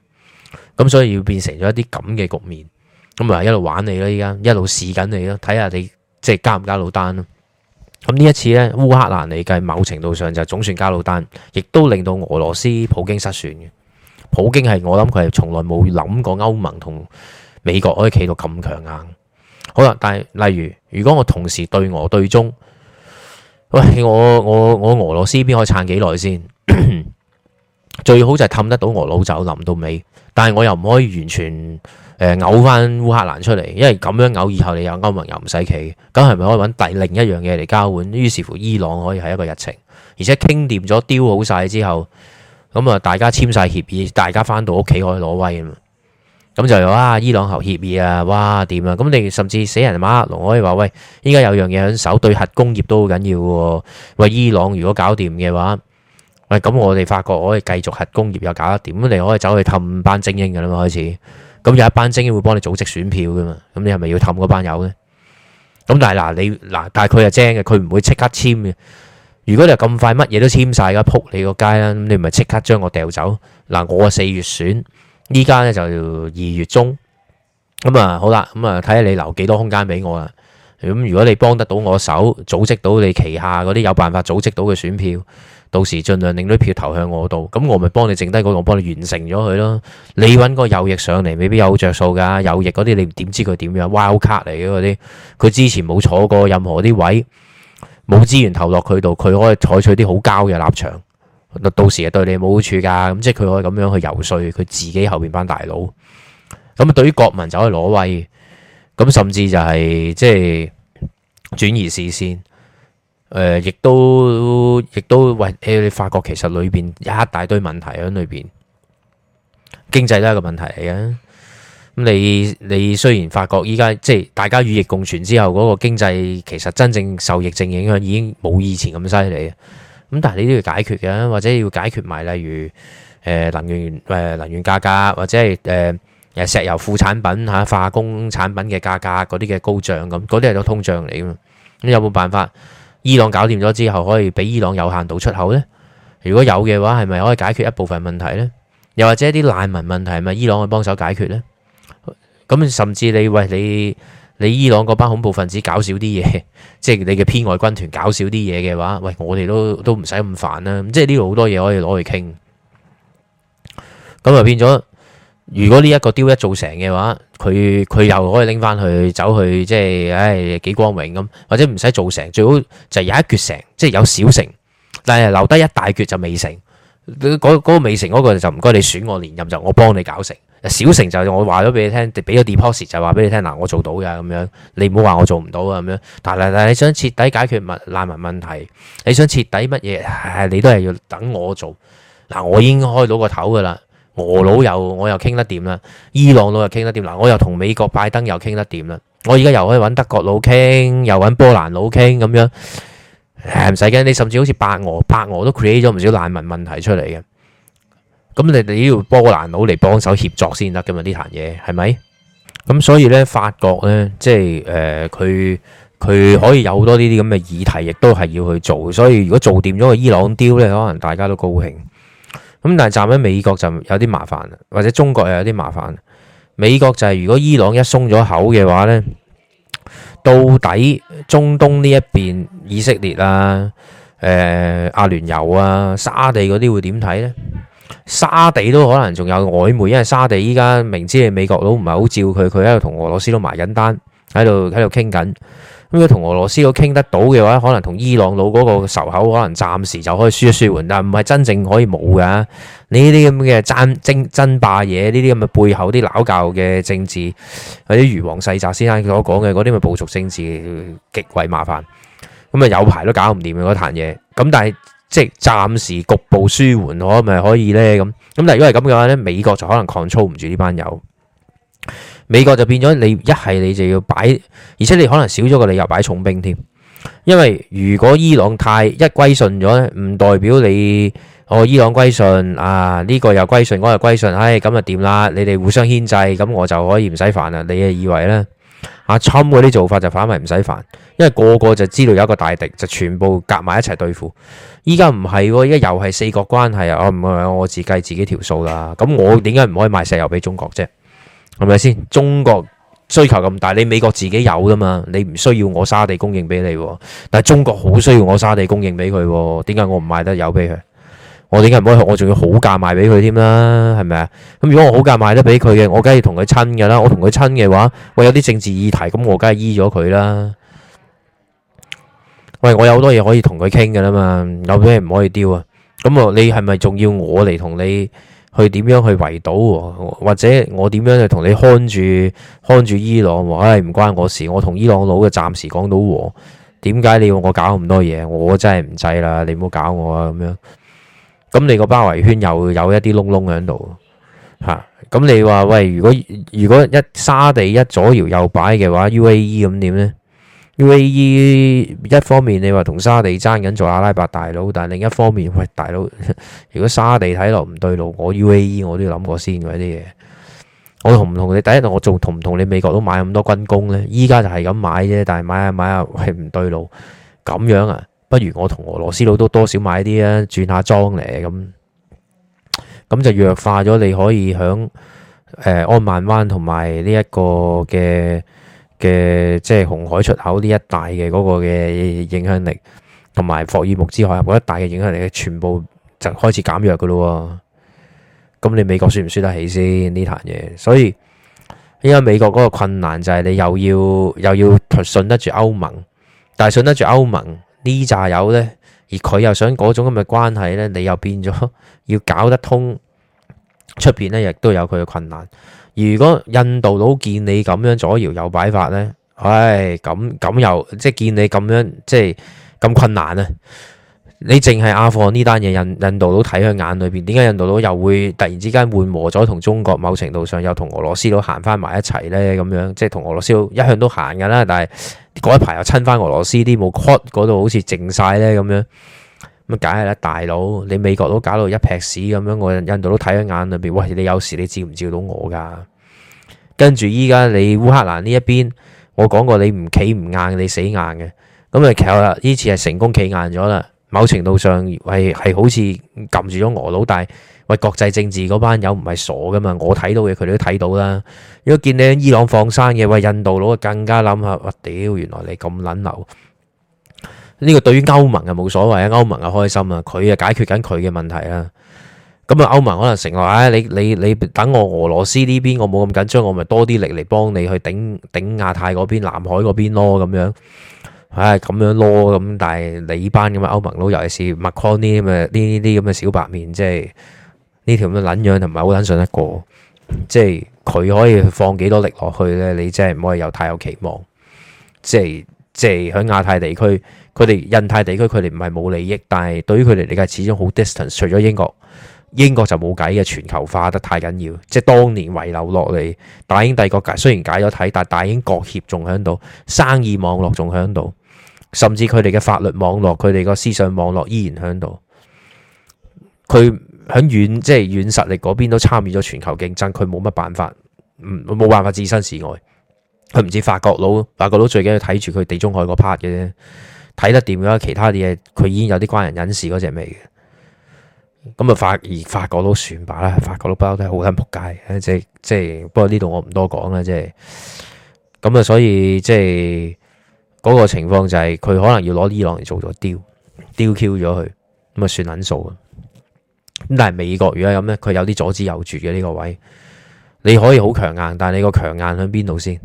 咁所以要變成咗一啲咁嘅局面，咁啊一路玩你啦，依家一路試緊你咯，睇下你即係加唔加到單咯。咁呢一次咧，烏克蘭嚟計，某程度上就總算加到單，亦都令到俄羅斯普京失算嘅。普京係我諗佢係從來冇諗過歐盟同美國可以企到咁強硬。好啦，但係例如如果我同時對俄對中喂，我我我俄羅斯邊可以撐幾耐先？最好就係氹得到俄老走淋到尾。但係我又唔可以完全誒嘔翻烏克蘭出嚟，因為咁樣嘔以後你又歐盟又唔使企，咁係咪可以揾第另一樣嘢嚟交換？於是乎伊朗可以係一個日程，而且傾掂咗、丟好晒之後，咁啊大家簽晒協議，大家翻到屋企可以攞威啊嘛。咁就有啊，伊朗求協議啊，哇點啊？咁你甚至死人馬克龍可以話喂，依家有樣嘢響手對核工業都好緊要喎。喂，伊朗如果搞掂嘅話，喂，咁、嗯、我哋發覺我可以繼續核工業又搞得掂，咁你可以走去氹班精英噶啦嘛，開始咁、嗯、有一班精英會幫你組織選票噶嘛，咁、嗯、你係咪要氹嗰班友呢？咁、嗯、但係嗱，你嗱、嗯，但係佢係精嘅，佢唔會即刻簽嘅。如果你咁快乜嘢都簽晒，咁扑你個街啦，咁、嗯、你咪即刻將我掉走嗱、嗯。我四月選，依家咧就二月中，咁、嗯、啊、嗯、好啦，咁啊睇下你留幾多空間俾我啦。咁、嗯、如果你幫得到我手，組織到你旗下嗰啲有辦法組織到嘅選票。到時盡量令啲票投向我度，咁我咪幫你剩低嗰個，幫你完成咗佢咯。你搵個右翼上嚟，未必有着數噶。右翼嗰啲你點知佢點樣 Wildcard 嚟嘅嗰啲，佢之前冇坐過任何啲位，冇資源投落佢度，佢可以採取啲好膠嘅立場。到時係對你冇好處噶，咁即係佢可以咁樣去遊說佢自己後邊班大佬。咁啊，對於國民就可以攞位，咁甚至就係、是、即係轉移視線。誒、亦、呃、都亦都喂、哎，你發覺其實裏邊一大堆問題喺裏邊，經濟都係一個問題嚟嘅。咁你你雖然發覺依家即係大家與疫共存之後，嗰、那個經濟其實真正受疫症影響已經冇以前咁犀利。咁但係你都要解決嘅、啊，或者要解決埋例如誒、呃、能源誒、呃、能源價格，或者係誒、呃、石油副產品吓、啊、化工產品嘅價格嗰啲嘅高漲咁，嗰啲係個通脹嚟嘅。咁有冇辦法？伊朗搞掂咗之後，可以俾伊朗有限度出口呢？如果有嘅話，係咪可以解決一部分問題呢？又或者啲難民問題，係咪伊朗去幫手解決呢？咁甚至你喂，你你伊朗嗰班恐怖分子搞少啲嘢，即係你嘅偏外軍團搞少啲嘢嘅話，喂，我哋都都唔使咁煩啦。即係呢度好多嘢可以攞去傾。咁啊變咗。如果呢一個雕一做成嘅話，佢佢又可以拎翻去走去，即係唉幾光榮咁，或者唔使做成，最好就有一橛成，即係有小成，但係留低一大橛就未成。嗰嗰個未成嗰個就唔該你選我連任，就我幫你搞成。小成就我話咗俾你聽，俾個 deposit 就話俾你聽嗱，我做到嘅咁樣，你唔好話我做唔到啊咁樣。但係但係你想徹底解決難民問題，你想徹底乜嘢，你都係要等我做。嗱，我已經開到個頭噶啦。俄佬又我又傾得掂啦，伊朗佬又傾得掂啦。嗱，我又同美國拜登又傾得掂啦，我而家又可以揾德國佬傾，又揾波蘭佬傾咁樣，誒唔使驚，你甚至好似白俄白俄都 create 咗唔少難民問題出嚟嘅，咁你你要波蘭佬嚟幫手協助先得噶嘛，呢壇嘢係咪？咁所以呢，法國呢，即係誒佢佢可以有多呢啲咁嘅議題，亦都係要去做。所以如果做掂咗個伊朗雕呢，可能大家都高興。咁但係站喺美國就有啲麻煩，或者中國又有啲麻煩。美國就係如果伊朗一鬆咗口嘅話呢，到底中東呢一邊，以色列啊、誒、呃、阿聯酋啊、沙地嗰啲會點睇呢？沙地都可能仲有曖昧，因為沙地依家明知係美國佬唔係好照佢，佢喺度同俄羅斯都埋緊單，喺度喺度傾緊。如果同俄羅斯都傾得到嘅話，可能同伊朗佬嗰個仇口可能暫時就可以舒一舒緩，但唔係真正可以冇㗎。呢啲咁嘅爭爭霸嘢，呢啲咁嘅背後啲嗌交嘅政治，或者如王世澤先生所講嘅嗰啲咪部族政治，極為麻煩。咁啊有排都搞唔掂嗰壇嘢。咁但係即係暫時局部舒緩，可咪可以呢？咁咁但係如果係咁嘅話呢，美國就可能 control 唔住呢班友。美國就變咗，你一係你就要擺，而且你可能少咗個理由擺重兵添，因為如果伊朗太一歸順咗呢，唔代表你哦，伊朗歸順啊，呢、呢個又歸順，嗰個歸順，唉、哎，咁啊點啦？你哋互相牽制，咁我就可以唔使煩啦。你係以為呢阿侵嗰啲做法就反為唔使煩，因為個個就知道有一個大敵，就全部夾埋一齊對付。依家唔係喎，依家又係四國關係啊！唔係我自己計自己條數啦。咁我點解唔可以賣石油俾中國啫？係咪先？中國需求咁大，你美國自己有噶嘛？你唔需要我沙地供應俾你，但係中國好需要我沙地供應俾佢，點解我唔賣得油俾佢？我點解唔可以？我仲要好價賣俾佢添啦？係咪啊？咁如果我好價賣得俾佢嘅，我梗係要同佢親噶啦。我同佢親嘅話，我有啲政治議題，咁我梗係依咗佢啦。喂，我有好多嘢可以同佢傾噶啦嘛，有咩唔可以丟啊。咁啊，你係咪仲要我嚟同你？去點樣去圍堵、啊，或者我點樣去同你看住看住伊朗、啊，唉、哎、唔關我事，我同伊朗佬嘅暫時講到和，點解你要我搞咁多嘢？我真係唔制啦，你唔好搞我啊！咁樣，咁你個包圍圈又有一啲窿窿喺度，吓、啊，咁你話「喂，如果如果一沙地一左搖右擺嘅話，UAE 咁點呢？」UAE 一方面你話同沙地爭緊做阿拉伯大佬，但係另一方面喂大佬，如果沙地睇落唔對路，我 UAE 我都諗過先嗰啲嘢。我同唔同你？第一我仲同唔同你？美國都買咁多軍工呢？依家就係咁買啫。但係買下買下係唔對路，咁樣啊，不如我同俄羅斯佬都多少買啲啊，轉下莊嚟咁。咁就弱化咗，你可以響誒、呃、安曼灣同埋呢一個嘅。嘅即係紅海出口呢一帶嘅嗰個嘅影響力，同埋霍爾木茲海峽嗰一帶嘅影響力，全部就開始減弱噶咯。咁你美國輸唔輸得起先呢單嘢？所以因為美國嗰個困難就係你又要又要信得住歐盟，但係信得住歐盟呢扎友呢？而佢又想嗰種咁嘅關係呢，你又變咗要搞得通，出邊呢亦都有佢嘅困難。如果印度佬見你咁樣左搖右擺法呢，唉咁咁又即係見你咁樣即係咁困難啊！你淨係阿富汗呢單嘢，印印度佬睇佢眼裏邊，點解印度佬又會突然之間緩和咗同中國某程度上又同俄羅斯佬行翻埋一齊呢？咁樣即係同俄羅斯佬一向都行㗎啦，但係嗰一排又親翻俄羅斯啲冇 cut 嗰度好似靜晒呢咁樣。咁解係啦！大佬，你美國都搞到一劈屎咁樣，我印度佬睇一眼裏邊。喂，你有事你照唔照到我噶？跟住依家你烏克蘭呢一邊，我講過你唔企唔硬，你死硬嘅。咁啊，其實呢次係成功企硬咗啦。某程度上係係好似撳住咗俄佬，但係喂，國際政治嗰班友唔係傻噶嘛，我睇到嘅佢哋都睇到啦。如果見你喺伊朗放生嘅，喂，印度佬更加諗下，我屌，原來你咁撚流。呢個對於歐盟啊冇所謂啊，歐盟啊開心啊，佢啊解決緊佢嘅問題啦。咁啊，歐盟可能承諾啊，你你你等我俄羅斯呢邊，我冇咁緊張，我咪多啲力嚟幫你去頂頂亞太嗰邊、南海嗰邊咯，咁樣。唉、哎，咁樣咯，咁但係你班咁嘅歐盟佬，尤其是 Macron 呢啲咁嘅呢呢啲咁嘅小白面，即係呢條咁嘅撚樣，同埋唔係好撚信得過，即係佢可以放幾多力落去咧，你真係唔可以有太有期望，即係。即係喺亞太地區，佢哋印太地區佢哋唔係冇利益，但係對於佢哋嚟講，始終好 distance。除咗英國，英國就冇計嘅。全球化得太緊要，即係當年遺留落嚟大英帝國解雖然解咗體，但係大英國協仲喺度，生意網絡仲喺度，甚至佢哋嘅法律網絡、佢哋個思想網絡依然喺度。佢喺軟即係軟實力嗰邊都參與咗全球競爭，佢冇乜辦法，冇辦法置身事外。佢唔知法國佬，法國佬最緊要睇住佢地中海嗰 part 嘅啫，睇得掂嘅話，其他啲嘢佢已經有啲關人隱事嗰隻味嘅。咁啊法而法國佬算罷啦，法國佬不嬲都係好捻仆街，即係即係。不過呢度我唔多講啦，即係咁啊。所以即係嗰、嗰個情況就係、是、佢可能要攞伊朗嚟做咗 deal，deal q 咗佢咁啊，算捻數啊。咁但係美國如果咁咧，佢有啲左支右絀嘅呢個位，你可以好強硬，但係你個強硬響邊度先？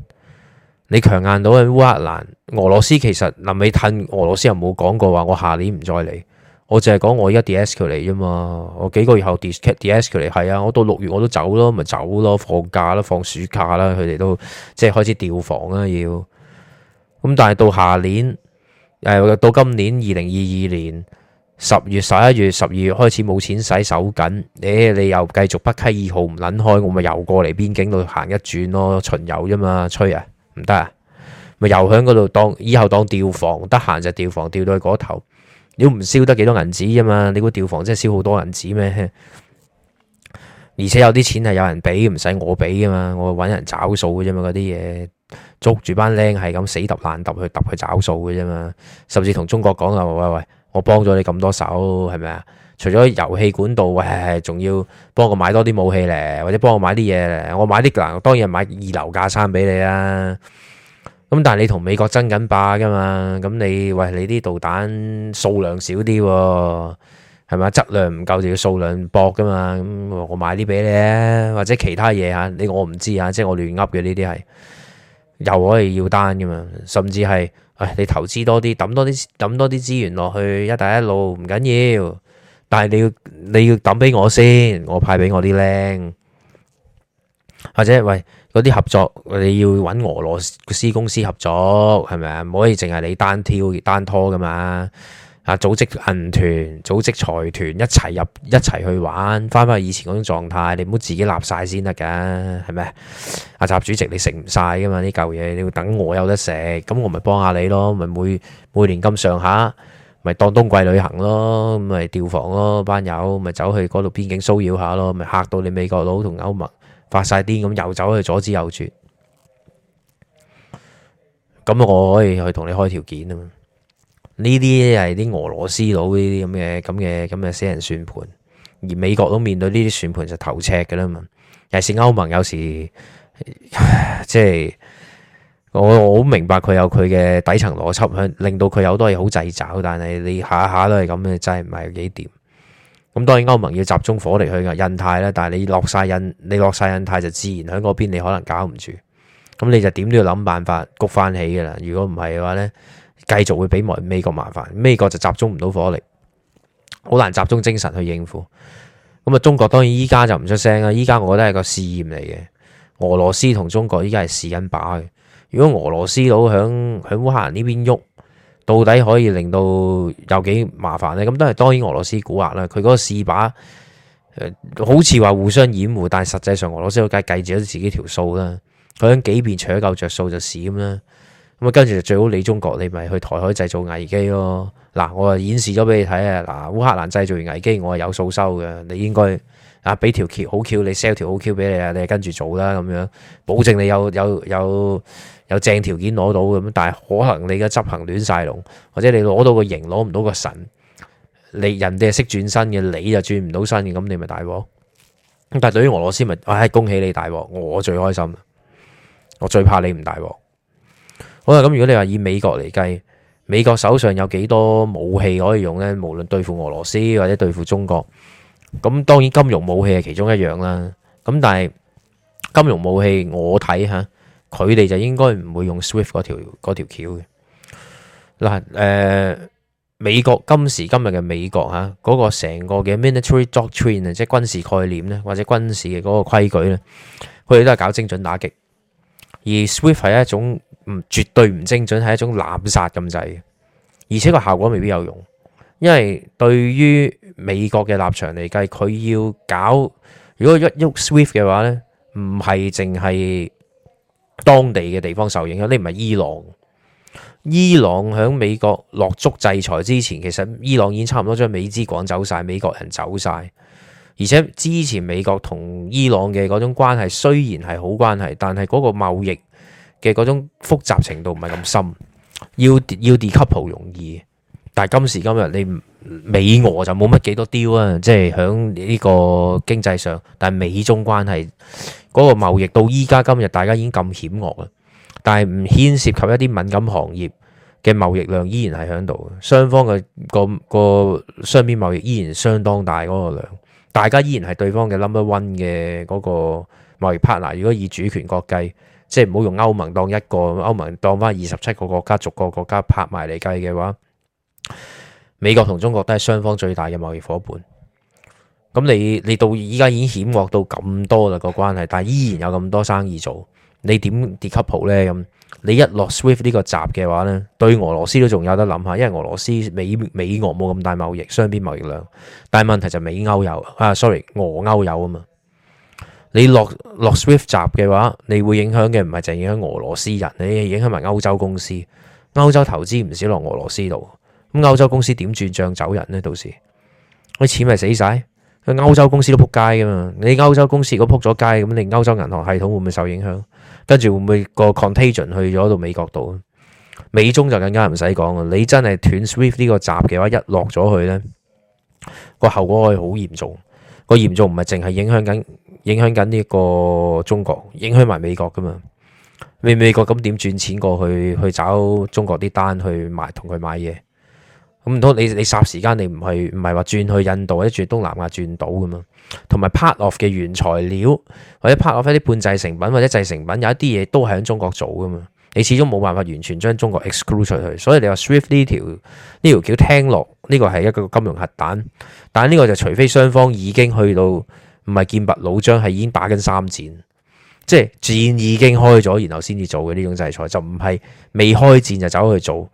你強硬到喺烏克蘭、俄羅斯，其實臨尾褪俄羅斯又冇講過話，我下年唔再嚟，我淨係講我而家 de-escalate 嚟啫嘛，我幾個月後 de-escalate 嚟，係啊，我到六月我都走咯，咪走咯，放假啦，放暑假啦，佢哋都即係開始調防啦、啊，要咁，但係到下年誒到今年二零二二年十月十一月十二月開始冇錢使，手、欸、緊，誒你又繼續北溪二號唔撚開，我咪又過嚟邊境度行一轉咯，巡遊啫嘛，吹啊！唔得啊！咪又喺嗰度當以後當調房，得閒就調房，調到去嗰頭。你唔燒得幾多銀紙啫嘛？你估調房真係燒好多銀紙咩？而且有啲錢係有人俾，唔使我俾噶嘛。我搵人找數噶啫嘛。嗰啲嘢捉住班僆係咁死揼爛揼去揼去找數嘅啫嘛。甚至同中國講啊，喂喂，我幫咗你咁多手，係咪啊？除咗油氣管道，誒，仲要幫我買多啲武器咧，或者幫我買啲嘢咧。我買啲嗱，當然買二流架餐俾你啦。咁但係你同美國爭緊霸㗎嘛？咁你喂你啲導彈數量少啲喎，係咪？質量唔夠就要數量搏㗎嘛？咁我買啲俾你咧，或者其他嘢嚇你，我唔知嚇，即係我亂噏嘅呢啲係又可以要單㗎嘛？甚至係誒，你投資多啲，抌多啲，抌多啲資源落去一帶一路唔緊要。但係你要你要抌俾我先，我派俾我啲僆，或者喂嗰啲合作，你要搵俄羅斯公司合作係咪啊？唔可以淨係你單挑單拖噶嘛啊！組織銀團、組織財團一齊入一齊去玩，翻翻以前嗰種狀態，你唔好自己立晒先得噶，係咪啊？習主席你食唔晒噶嘛？呢舊嘢你要等我有得食，咁我咪幫下你咯，咪每每年咁上下。咪當冬季旅行咯，咁咪調防咯，班友咪走去嗰度邊境騷擾下咯，咪嚇到你美國佬同歐盟發晒癲咁，又走去左支右絀，咁我可以去同你開條件啊嘛！呢啲係啲俄羅斯佬呢啲咁嘅咁嘅咁嘅死人算盤，而美國都面對呢啲算盤就頭赤噶啦嘛，尤其是歐盟有時 (laughs) 即係。我我好明白佢有佢嘅底層邏輯，令到佢有好多嘢好掣肘。但係你下下都係咁，真係唔係幾掂。咁當然歐盟要集中火力去噶印太咧，但係你落晒印，你落晒印太就自然喺嗰邊，邊你可能搞唔住。咁你就點都要諗辦法谷翻起噶啦。如果唔係嘅話咧，繼續會俾美美國麻煩，美國就集中唔到火力，好難集中精神去應付。咁啊，中國當然依家就唔出聲啦。依家我覺得係個試驗嚟嘅，俄羅斯同中國依家係試緊把。如果俄羅斯佬響響烏克蘭呢邊喐，到底可以令到有幾麻煩呢？咁都係當然俄羅斯蠱惑啦。佢嗰個試把，好似話互相掩護，但係實際上俄羅斯佬梗係計住咗自己條數啦。佢響幾邊除一嚿著數就死啦。咁啊跟住最好你中國，你咪去台海製造危機咯。嗱，我啊演示咗俾你睇啊。嗱，烏克蘭製造完危機，我係有數收嘅。你應該啊俾條好 Q，你 sell 條好 Q 俾你啊，你跟住做啦咁樣，保證你有有有。有正條件攞到咁，但係可能你嘅執行亂晒龍，或者你攞到個型攞唔到個神，你人哋係識轉身嘅，你就轉唔到身嘅，咁你咪大鑊。咁但係對於俄羅斯咪，唉、哎、恭喜你大鑊，我最開心。我最怕你唔大鑊。好啦，咁如果你話以美國嚟計，美國手上有幾多武器可以用呢？無論對付俄羅斯或者對付中國，咁當然金融武器係其中一樣啦。咁但係金融武器我睇下。佢哋就應該唔會用 Swift 嗰條嗰條嗰橋嘅。嗱，誒美國今時今日嘅美國嚇嗰、嗰個成個嘅 military doctrine 即係軍事概念咧，或者軍事嘅嗰個規矩咧，佢哋都係搞精準打擊，而 Swift 係一種唔絕對唔精準，係一種濫殺咁滯，而且個效果未必有用，因為對於美國嘅立場嚟計，佢要搞如果一喐 Swift 嘅話咧，唔係淨係。當地嘅地方受影響，你唔係伊朗。伊朗喺美國落足制裁之前，其實伊朗已經差唔多將美資趕走晒，美國人走晒。而且之前美國同伊朗嘅嗰種關係雖然係好關係，但係嗰個貿易嘅嗰種複雜程度唔係咁深，要要 decouple 容易。但係今時今日，你美俄就冇乜幾多 deal 啊！即係喺呢個經濟上，但係美中關係嗰個貿易到依家今日，大家已經咁險惡啦！但係唔牽涉及一啲敏感行業嘅貿易量依然係喺度，雙方嘅、嗰個、嗰個雙邊貿易依然相當大嗰個量，大家依然係對方嘅 number one 嘅嗰個貿易 partner。如果以主權國計，即係唔好用歐盟當一個歐盟當翻二十七個國家逐個國家拍埋嚟計嘅話，美國同中國都係雙方最大嘅貿易伙伴，咁你你到依家已經險惡到咁多啦個關係，但係依然有咁多生意做，你點 decouple 咧？咁你一落 swift 呢個閘嘅話呢，對俄羅斯都仲有得諗下，因為俄羅斯美美俄冇咁大貿易雙邊貿易量，但係問題就美歐有啊，sorry 俄歐有啊嘛。你落落 swift 閘嘅話，你會影響嘅唔係淨影響俄羅斯人，你影響埋歐洲公司，歐洲投資唔少落俄羅斯度。咁歐洲公司點轉帳走人呢？到時嗰啲錢咪死曬，歐洲公司都撲街噶嘛。你歐洲公司如果撲咗街，咁你歐洲銀行系統會唔會受影響？跟住會唔會個 contagion 去咗到美國度？美中就更加唔使講啦。你真係斷 swift 呢個閘嘅話，一落咗去咧，個後果可以好嚴重。個嚴重唔係淨係影響緊影響緊呢個中國，影響埋美國噶嘛？你美國咁點轉錢過去去找中國啲單去埋同佢買嘢？咁唔通你你，霎時間你唔係，唔係話轉去印度，或者轉去東南亞轉到噶嘛？同埋 part of 嘅原材料，或者 part of 啲半製成品，或者製成品有一啲嘢都係喺中國做噶嘛？你始終冇辦法完全將中國 exclude 出去，所以你話 SWIFT 呢條呢條橋聽落呢個係一個金融核彈，但呢個就除非雙方已經去到唔係劍拔弩張，係已經打緊三戰，即係戰已經開咗，然後先至做嘅呢種制裁，就唔係未開戰就走去做。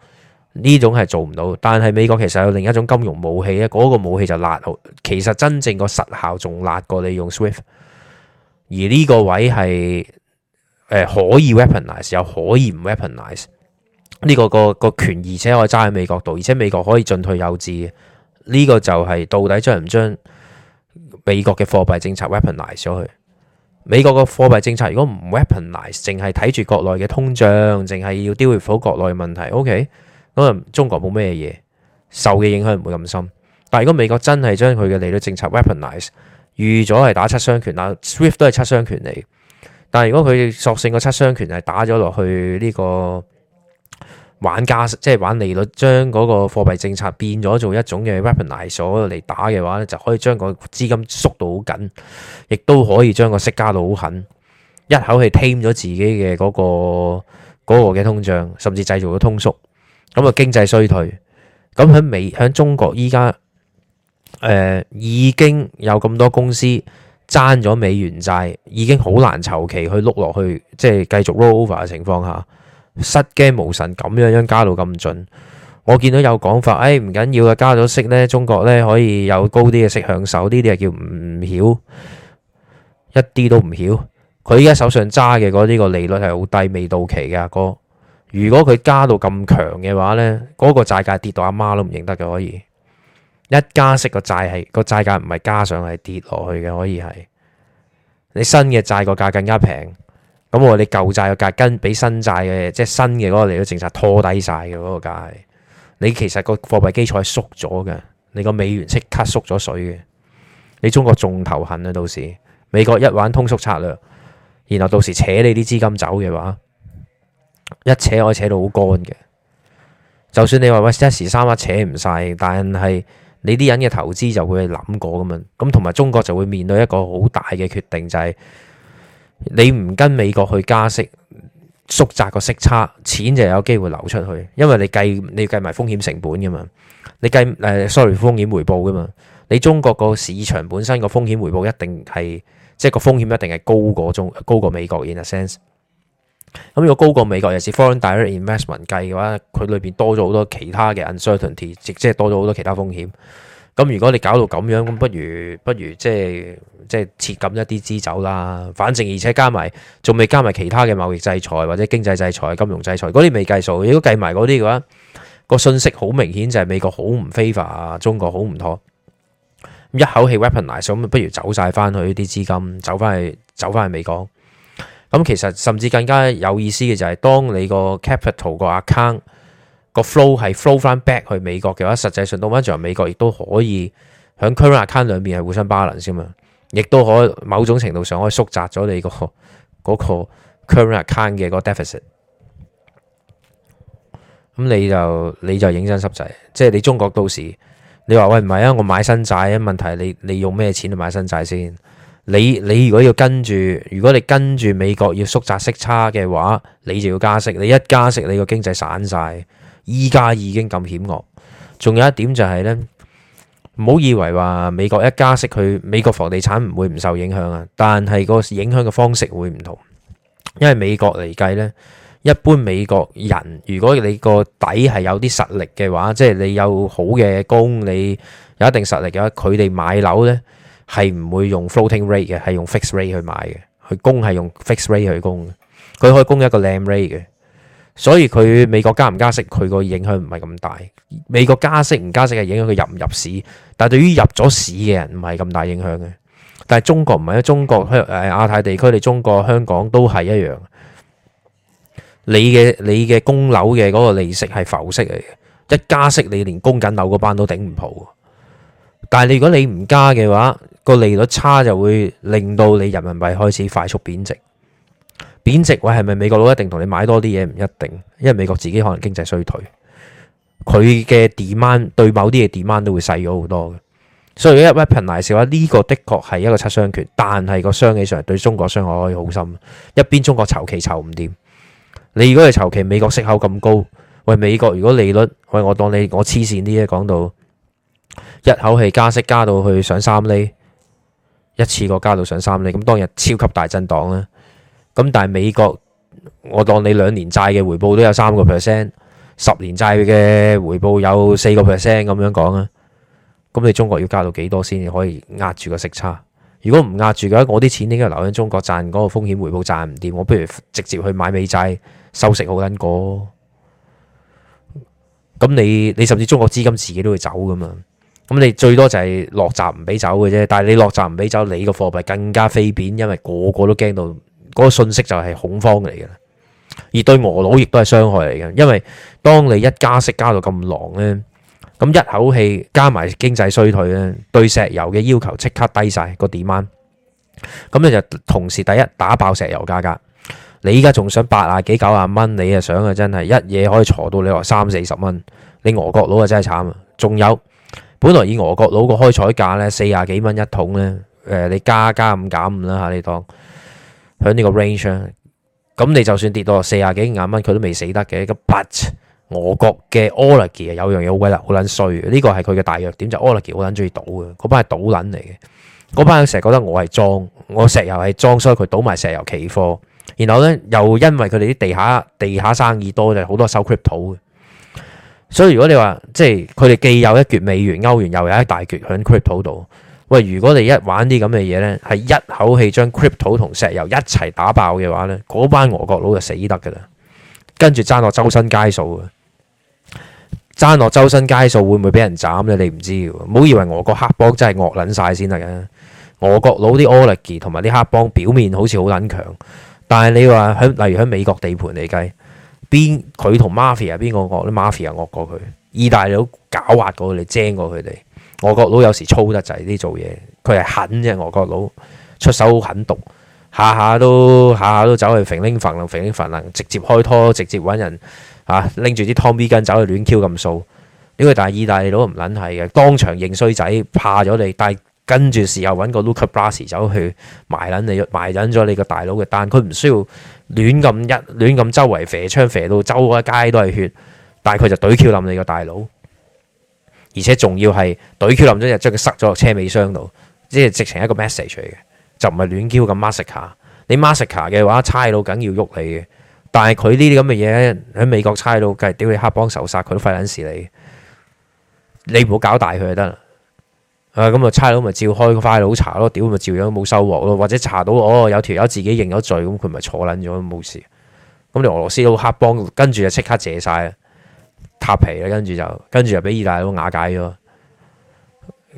呢種係做唔到，但係美國其實有另一種金融武器咧，嗰、那個武器就辣，其實真正個實效仲辣過你用 Swift。而呢個位係誒、呃、可以 weaponize，又可以唔 weaponize、這個。呢個個個權，而且我揸喺美國度，而且美國可以進退有致。呢、這個就係到底將唔將美國嘅貨幣政策 weaponize 咗去？美國個貨幣政策如果唔 weaponize，淨係睇住國內嘅通脹，淨係要 deal with 國內問題，OK？咁啊，中國冇咩嘢受嘅影響唔會咁深，但如果美國真係將佢嘅利率政策 weaponize，預咗係打七雙拳，嗱，Swift 都係七雙拳嚟。但係如果佢索性個七雙拳係打咗落去呢個玩家，即係玩利率將嗰個貨幣政策變咗做一種嘅 weaponize 所嚟打嘅話咧，就可以將個資金縮到好緊，亦都可以將個息加到好狠，一口氣 team 咗自己嘅嗰個嗰個嘅通脹，甚至製造咗通縮。咁啊，經濟衰退，咁喺美喺中國依家，誒、呃、已經有咁多公司爭咗美元債，已經好難籌期去碌落去，即係繼續 rollover 嘅情況下，失驚無神咁樣樣加到咁準，我見到有講法，誒唔緊要嘅，加咗息呢。中國呢可以有高啲嘅息享受，呢啲係叫唔曉，一啲都唔曉。佢依家手上揸嘅嗰啲個利率係好低，未到期嘅哥，如果佢加到咁強嘅話呢，個債價跌到阿媽都唔認得嘅可以，一加息個債係個債價唔係加上係跌落去嘅可以係，你新嘅債個價更加平，咁我你舊債個價跟比新債嘅即係新嘅嗰個利率政策拖低晒嘅嗰個價係，你其實個貨幣基礎係縮咗嘅，你個美元即刻縮咗水嘅，你中國仲頭痕啊！到時美國一玩通縮策略，然後到時扯你啲資金走嘅話。一扯我扯到好乾嘅，就算你話喂，一時三刻扯唔晒，但係你啲人嘅投資就會諗過咁樣，咁同埋中國就會面對一個好大嘅決定，就係、是、你唔跟美國去加息，縮窄個息差，錢就有機會流出去，因為你計你計埋風險成本噶嘛，你計誒、uh, sorry 風險回報噶嘛，你中國個市場本身個風險回報一定係即係個風險一定係高過中高過美國 in a sense。咁如果高過美國，尤其是 Foreign Direct Investment 計嘅話，佢裏邊多咗好多其他嘅 uncertainty，即係多咗好多其他風險。咁如果你搞到咁樣，咁不如不如即係即係撤咁一啲資走啦。反正而且加埋仲未加埋其他嘅貿易制裁或者經濟制裁、金融制裁嗰啲未計數，如果計埋嗰啲嘅話，個訊息好明顯就係美國好唔 fair，啊中國好唔妥。咁一口氣 weaponize 咁不如走晒翻去啲資金，走翻去走翻去去美國。咁其實甚至更加有意思嘅就係，當你個 capital 個 account 個 flow 係 flow 翻 back 去美國嘅話，實際上到尾在美國亦都可以喺 current account 裏面係互相 balance 嘛，亦都可以某種程度上可以縮窄咗你、嗰個嗰 current account 嘅嗰個 deficit。咁你就你就認真濕滯，即係你中國到時你話喂唔係啊，我買新債啊，問題你你用咩錢去買新債先？你你如果要跟住，如果你跟住美國要縮窄息差嘅話，你就要加息。你一加息，你個經濟散晒，依家已經咁險惡，仲有一點就係呢，唔好以為話美國一加息佢美國房地產唔會唔受影響啊。但係個影響嘅方式會唔同，因為美國嚟計呢，一般美國人如果你個底係有啲實力嘅話，即係你有好嘅工，你有一定實力嘅話，佢哋買樓呢，係唔會用 floating rate 嘅，係用 fixed rate 去買嘅。佢供係用 fixed rate 去供嘅，佢可以供一個靚 rate 嘅。所以佢美國加唔加息，佢個影響唔係咁大。美國加息唔加息係影響佢入唔入市，但係對於入咗市嘅人唔係咁大影響嘅。但係中國唔係啊，中國香誒亞太地區，你中國香港都係一樣。你嘅你嘅供樓嘅嗰個利息係浮息嚟嘅，一加息你連供緊樓嗰班都頂唔到。但係你如果你唔加嘅話，個利率差就會令到你人民幣開始快速貶值。貶值喂，係咪美國佬一定同你買多啲嘢？唔一定，因為美國自己可能經濟衰退，佢嘅 demand 對某啲嘢 demand 都會細咗好多嘅。所以一 weaponize 嘅話，呢個的確係一個七傷拳，但係個傷起上嚟對中國傷害可以好深。一邊中國籌期籌唔掂，你如果去籌期，美國息口咁高，喂美國如果利率，喂我當你我黐線啲嘢講到。一口氣加息加到去上三厘，一次過加到上三厘，咁當日超級大震盪啦。咁但係美國，我當你兩年債嘅回報都有三個 percent，十年債嘅回報有四個 percent 咁樣講啊。咁你中國要加到幾多先至可以壓住個息差？如果唔壓住嘅話，我啲錢應該留喺中國賺嗰個風險回報賺唔掂，我不如直接去買美債收息好撚過。咁你你甚至中國資金自己都會走噶嘛？咁你最多就係落閘唔俾走嘅啫，但係你落閘唔俾走，你個貨幣更加飛貶，因為個個都驚到，嗰、那個信息就係恐慌嚟嘅啦。而對俄佬亦都係傷害嚟嘅，因為當你一加息加到咁狼咧，咁一口氣加埋經濟衰退咧，對石油嘅要求即刻低晒，那個 demand 咁你就同時第一打爆石油價格，你依家仲想八啊幾九啊蚊，你啊想啊真係一嘢可以挫到你話三四十蚊，你俄國佬啊真係慘啊，仲有。本來以俄國佬個開採價咧，四廿幾蚊一桶咧，誒、呃，你加加五減五啦吓，你當喺呢個 range 咧，咁你就算跌到四廿幾廿蚊，佢都未死得嘅。咁 But 俄國嘅 Oleg 啊，有樣嘢好鬼難，好撚衰，呢個係佢嘅大弱點，就 Oleg 好撚中意賭嘅，嗰班係賭撚嚟嘅，嗰班成日覺得我係裝，我石油係裝，所以佢賭埋石油期貨，然後咧又因為佢哋啲地下地下生意多，就好多收 crypto 嘅。所以如果你話即係佢哋既有一橛美元、歐元，又有一大橛喺 crypto 度，喂！如果你一玩啲咁嘅嘢呢，係一口氣將 crypto 同石油一齊打爆嘅話呢，嗰班俄國佬就死得噶啦，跟住爭落周身街數啊！爭落周身街數會唔會俾人斬咧？你唔知，唔好以為俄國黑幫真係惡捻曬先得嘅。俄國佬啲 oligarchy 同埋啲黑幫表面好似好捻強，但係你話響例如喺美國地盤嚟計。邊佢同 Mafia 邊個惡？啲 Mafia 惡過佢。意大利佬狡猾過佢哋，精過佢哋。俄國佬有時粗得滯啲做嘢，佢係狠啫。俄國佬出手好狠毒，下下都下下都走去搵 ling 翻啦，ling 翻啦直接開拖，直接搵人啊，拎住啲湯 B 巾走去亂 Q 咁掃。呢個但係意大利佬唔撚係嘅，當場認衰仔，怕咗你。但係。跟住時候揾個 Luca Brasi 走去埋撚你埋撚咗你個大佬嘅單，佢唔需要亂咁一亂咁周圍肥槍肥到周街街都係血，但係佢就懟 Q 冧你個大佬，而且仲要係懟 Q 冧咗就將佢塞咗落車尾箱度，即係直情一個 message 嚟嘅，就唔係亂 Q 咁。Massacre，你 massacre 嘅話，差佬梗要喐你嘅，但係佢呢啲咁嘅嘢喺美國差佬梗係，屌你黑幫仇殺佢都費撚事你，你唔好搞大佢就得啦。啊咁啊差佬咪照開個 file 查咯，屌咪照樣冇收穫咯，或者查到哦，有條友自己認咗罪，咁佢咪坐撚咗，冇事。咁、嗯、你俄羅斯佬黑幫跟住就即刻謝曬，塌皮啦，跟住就跟住就俾意大利佬瓦解咗。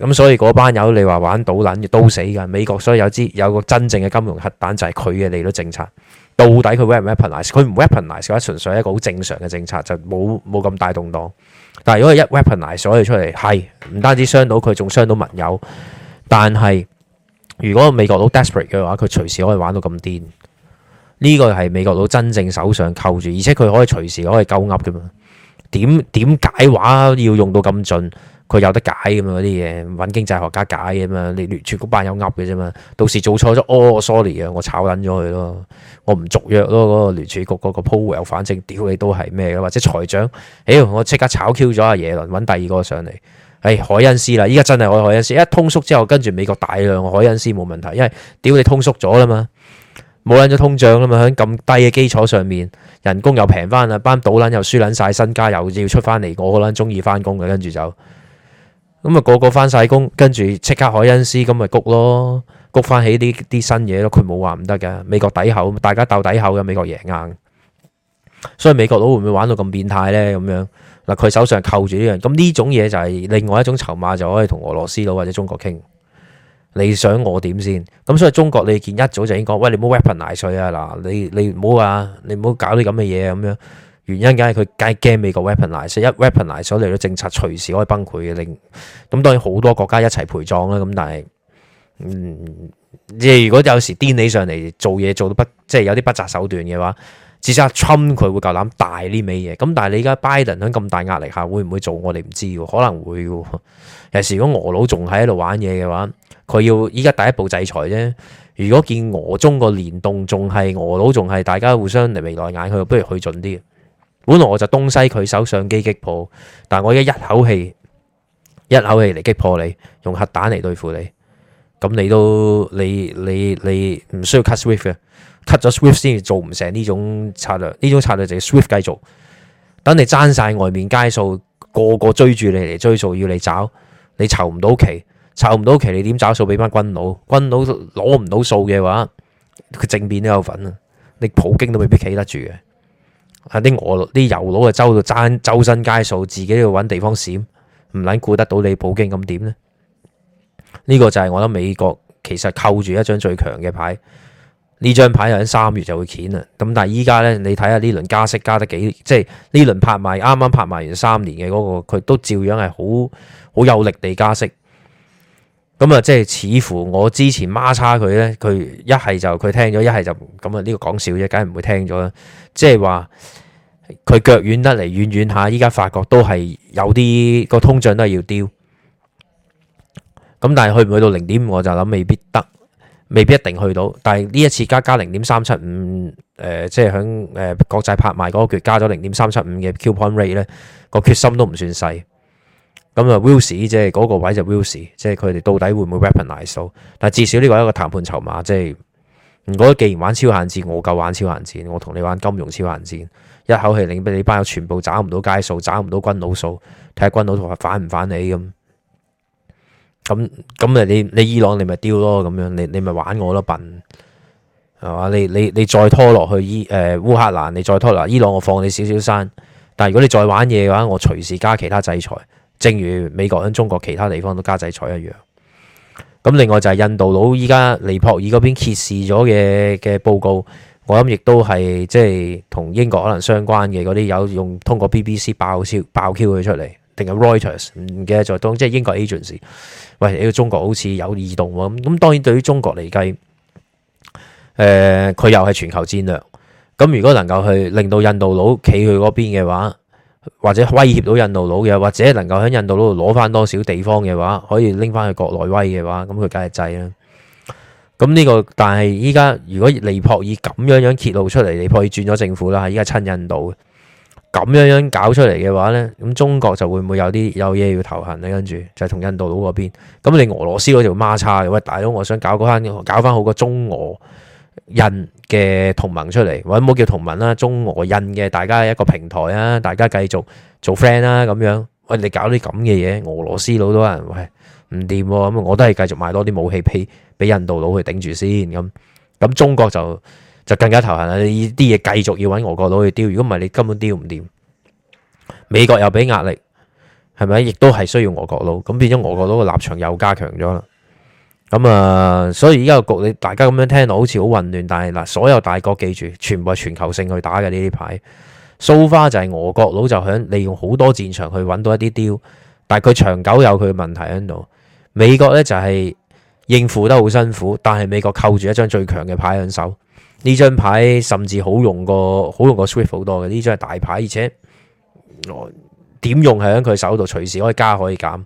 咁、嗯、所以嗰班友你話玩賭撚嘅都死㗎。美國所以有支有個真正嘅金融核彈就係佢嘅利率政策。到底佢 whether weaponise 佢唔 weaponise 嘅話，純粹係一個好正常嘅政策，就冇冇咁大動盪。但係如果一 weaponize 所以出嚟係唔單止傷到佢，仲傷到盟友。但係如果美國佬 desperate 嘅話，佢隨時可以玩到咁癲。呢個係美國佬真正手上扣住，而且佢可以隨時可以鳩噏㗎嘛？點點解話要用到咁盡？佢有得解㗎嘛？嗰啲嘢搵經濟學家解㗎嘛？你劣劣嗰班友噏嘅啫嘛？到時做錯咗，哦，sorry 啊，我炒撚咗佢咯。我唔續約咯，嗰、嗰個聯儲局嗰個 Powell，反正屌你都係咩嘅，或者財長，屌、哎、我即刻炒 Q 咗阿耶倫，揾第二個上嚟，係、哎、海恩斯啦，依家真係我海恩斯一通縮之後，跟住美國大量海恩斯冇問題，因為屌你通縮咗啦嘛，冇撚咗通脹啦嘛，喺咁低嘅基礎上面，人工又平翻啦，班賭撚又輸撚晒身家又要出翻嚟，我好撚中意翻工嘅，跟住就咁啊、嗰個個翻晒工，跟住即刻海恩斯咁咪谷咯。焗翻起啲啲新嘢咯，佢冇話唔得噶。美國底厚，大家鬥底厚嘅，美國贏硬。所以美國佬會唔會玩到咁變態咧？咁樣嗱，佢手上扣住呢樣，咁呢種嘢就係另外一種籌碼，就可以同俄羅斯佬或者中國傾。你想我點先？咁所以中國你見一早就應該，喂你唔好 weaponize 啊！嗱，你你唔好啊，你唔好搞啲咁嘅嘢咁樣。原因梗係佢梗係驚美國 weaponize，一 weaponize 嚟嘅政策隨時可以崩潰嘅。咁當然好多國家一齊陪葬啦。咁但係。嗯，即係如果有時癲起上嚟做嘢，做到不即係有啲不擇手段嘅話，至少阿 t 佢會夠膽大呢味嘢。咁但係你而家拜登喺咁大壓力下會唔會做？我哋唔知，可能會嘅。有時如果俄佬仲喺度玩嘢嘅話，佢要依家第一步制裁啫。如果見俄中個聯動仲係俄佬，仲係大家互相嚟眉來眼去，不如去盡啲。本來我就東西佢手上機擊破，但我而家一口氣一口氣嚟擊破你，用核彈嚟對付你。咁你都你你你唔需要 cut swift 嘅，cut 咗 swift 先至做唔成呢種策略，呢種策略就要 swift 繼續。等你爭晒外面街數，個個追住你嚟追數，要你找你籌唔到期，籌唔到期你點找數俾翻軍佬？軍佬攞唔到數嘅話，佢政變都有份啊！你普京都未必企得住嘅。啲俄啲油佬啊，周度爭周身街數，自己要搵地方閃，唔捻顧得到你普京咁點呢？呢個就係我諗美國其實扣住一張最強嘅牌，呢張牌喺三月就會掀啦。咁但係依家呢，你睇下呢輪加息加得幾，即係呢輪拍賣啱啱拍賣完三年嘅嗰、嗰個，佢都照樣係好好有力地加息。咁、嗯、啊，即係似乎我之前孖叉佢呢，佢一係就佢聽咗，一係就咁啊呢個講笑啫，梗係唔會聽咗啦。即係話佢腳遠得嚟遠遠下，依家發覺都係有啲、嗰個通脹都係要丟。咁但係去唔去到零點五，我就諗未必得，未必一定去到。但係呢一次加加零點三七五，誒，即係響誒國際拍賣嗰個月加咗零點三七五嘅 coupon rate 咧，個決心都唔算細。咁啊，Willis 即係嗰個位就 Willis，即係佢哋到底會唔會 weaponize 數但係至少呢個係一個談判籌碼，即係如果既然玩超限戰，我夠玩超限戰，我同你玩金融超限戰，一口氣令俾你班友全部找唔到街數，找唔到軍佬數，睇下軍佬同埋反唔反你咁。咁咁啊，你你伊朗你咪丟咯，咁樣，你你咪玩我咯笨，係嘛？你你你再拖落去伊誒、呃、烏克蘭，你再拖落去伊朗，我放你少少山。但如果你再玩嘢嘅話，我隨時加其他制裁，正如美國響中國其他地方都加制裁一樣。咁另外就係印度佬依家尼泊爾嗰邊揭示咗嘅嘅報告，我諗亦都係即係同英國可能相關嘅嗰啲有用，通過 BBC 爆爆 Q 佢出嚟。定係 Reuters 唔記得咗，當即係英國 agency。喂，呢、這個中國好似有異動喎。咁當然對於中國嚟計，誒、呃，佢又係全球戰略。咁如果能夠去令到印度佬企去嗰邊嘅話，或者威脅到印度佬嘅，或者能夠喺印度佬度攞翻多少地方嘅話，可以拎翻去國內威嘅話，咁佢梗係制啦。咁呢、這個，但係依家如果尼泊爾咁樣樣揭露出嚟，尼泊爾轉咗政府啦，依家親印度。咁樣樣搞出嚟嘅話呢，咁中國就會唔會有啲有嘢要頭痕呢？跟住就係、是、同印度佬嗰邊。咁你俄羅斯嗰條孖叉，喂，大佬，我想搞翻搞翻好個中俄印嘅同盟出嚟，或者唔好叫同盟啦，中俄印嘅大家一個平台啊，大家繼續做 friend 啦，啊，咁樣。喂，你搞啲咁嘅嘢，俄羅斯佬都人喂唔掂，咁、啊、我都係繼續賣多啲武器俾俾印度佬去頂住先。咁咁中國就。就更加頭痕啦！呢啲嘢繼續要揾俄國佬去丟，如果唔係你根本丟唔掂。美國又俾壓力，係咪？亦都係需要俄國佬。咁變咗俄國佬嘅立場又加強咗啦。咁啊，所以依家個局你大家咁樣聽到好似好混亂，但係嗱，所有大國記住，全部係全球性去打嘅呢啲牌。蘇花就係俄國佬就響利用好多戰場去揾到一啲丟，但係佢長久有佢嘅問題喺度。美國呢就係、是、應付得好辛苦，但係美國扣住一張最強嘅牌喺手。呢張牌甚至好用過好用過 Swift 好多嘅，呢張係大牌，而且點用係喺佢手度，隨時可以加可以減。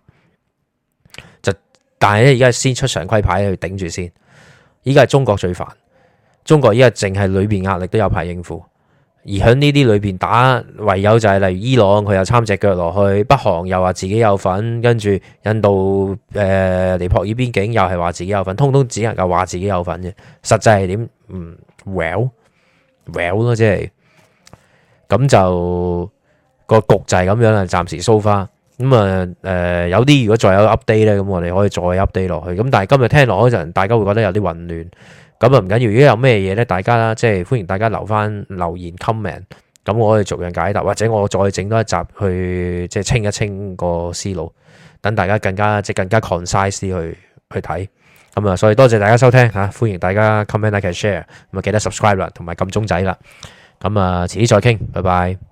就但係咧，而家先出常規牌去頂住先。依家係中國最煩，中國依家淨係裏邊壓力都有排應付，而喺呢啲裏邊打，唯有就係、是、例如伊朗佢又參隻腳落去，北韓又話自己有份，跟住印度誒尼泊爾邊境又係話自己有份，通通只能夠話自己有份啫。實際係點？嗯。Well，well 咯，即係咁就個局就係咁樣啦，暫時 so far 咁啊，誒，有啲如果再有 update 咧，咁我哋可以再 update 落去。咁但係今日聽落嗰陣，大家會覺得有啲混亂，咁啊唔緊要，如果有咩嘢咧，大家啦，即係歡迎大家留翻留言 comment，咁我可以逐樣解答，或者我再整多一集去即係清一清個思路，等大家更加即係更加 concise 啲去去睇。咁啊、嗯，所以多謝大家收聽吓、啊，歡迎大家 comment share、啊、like、share，咁啊記得 subscribe 啦，同埋撳鐘仔啦。咁啊，遲啲再傾，拜拜。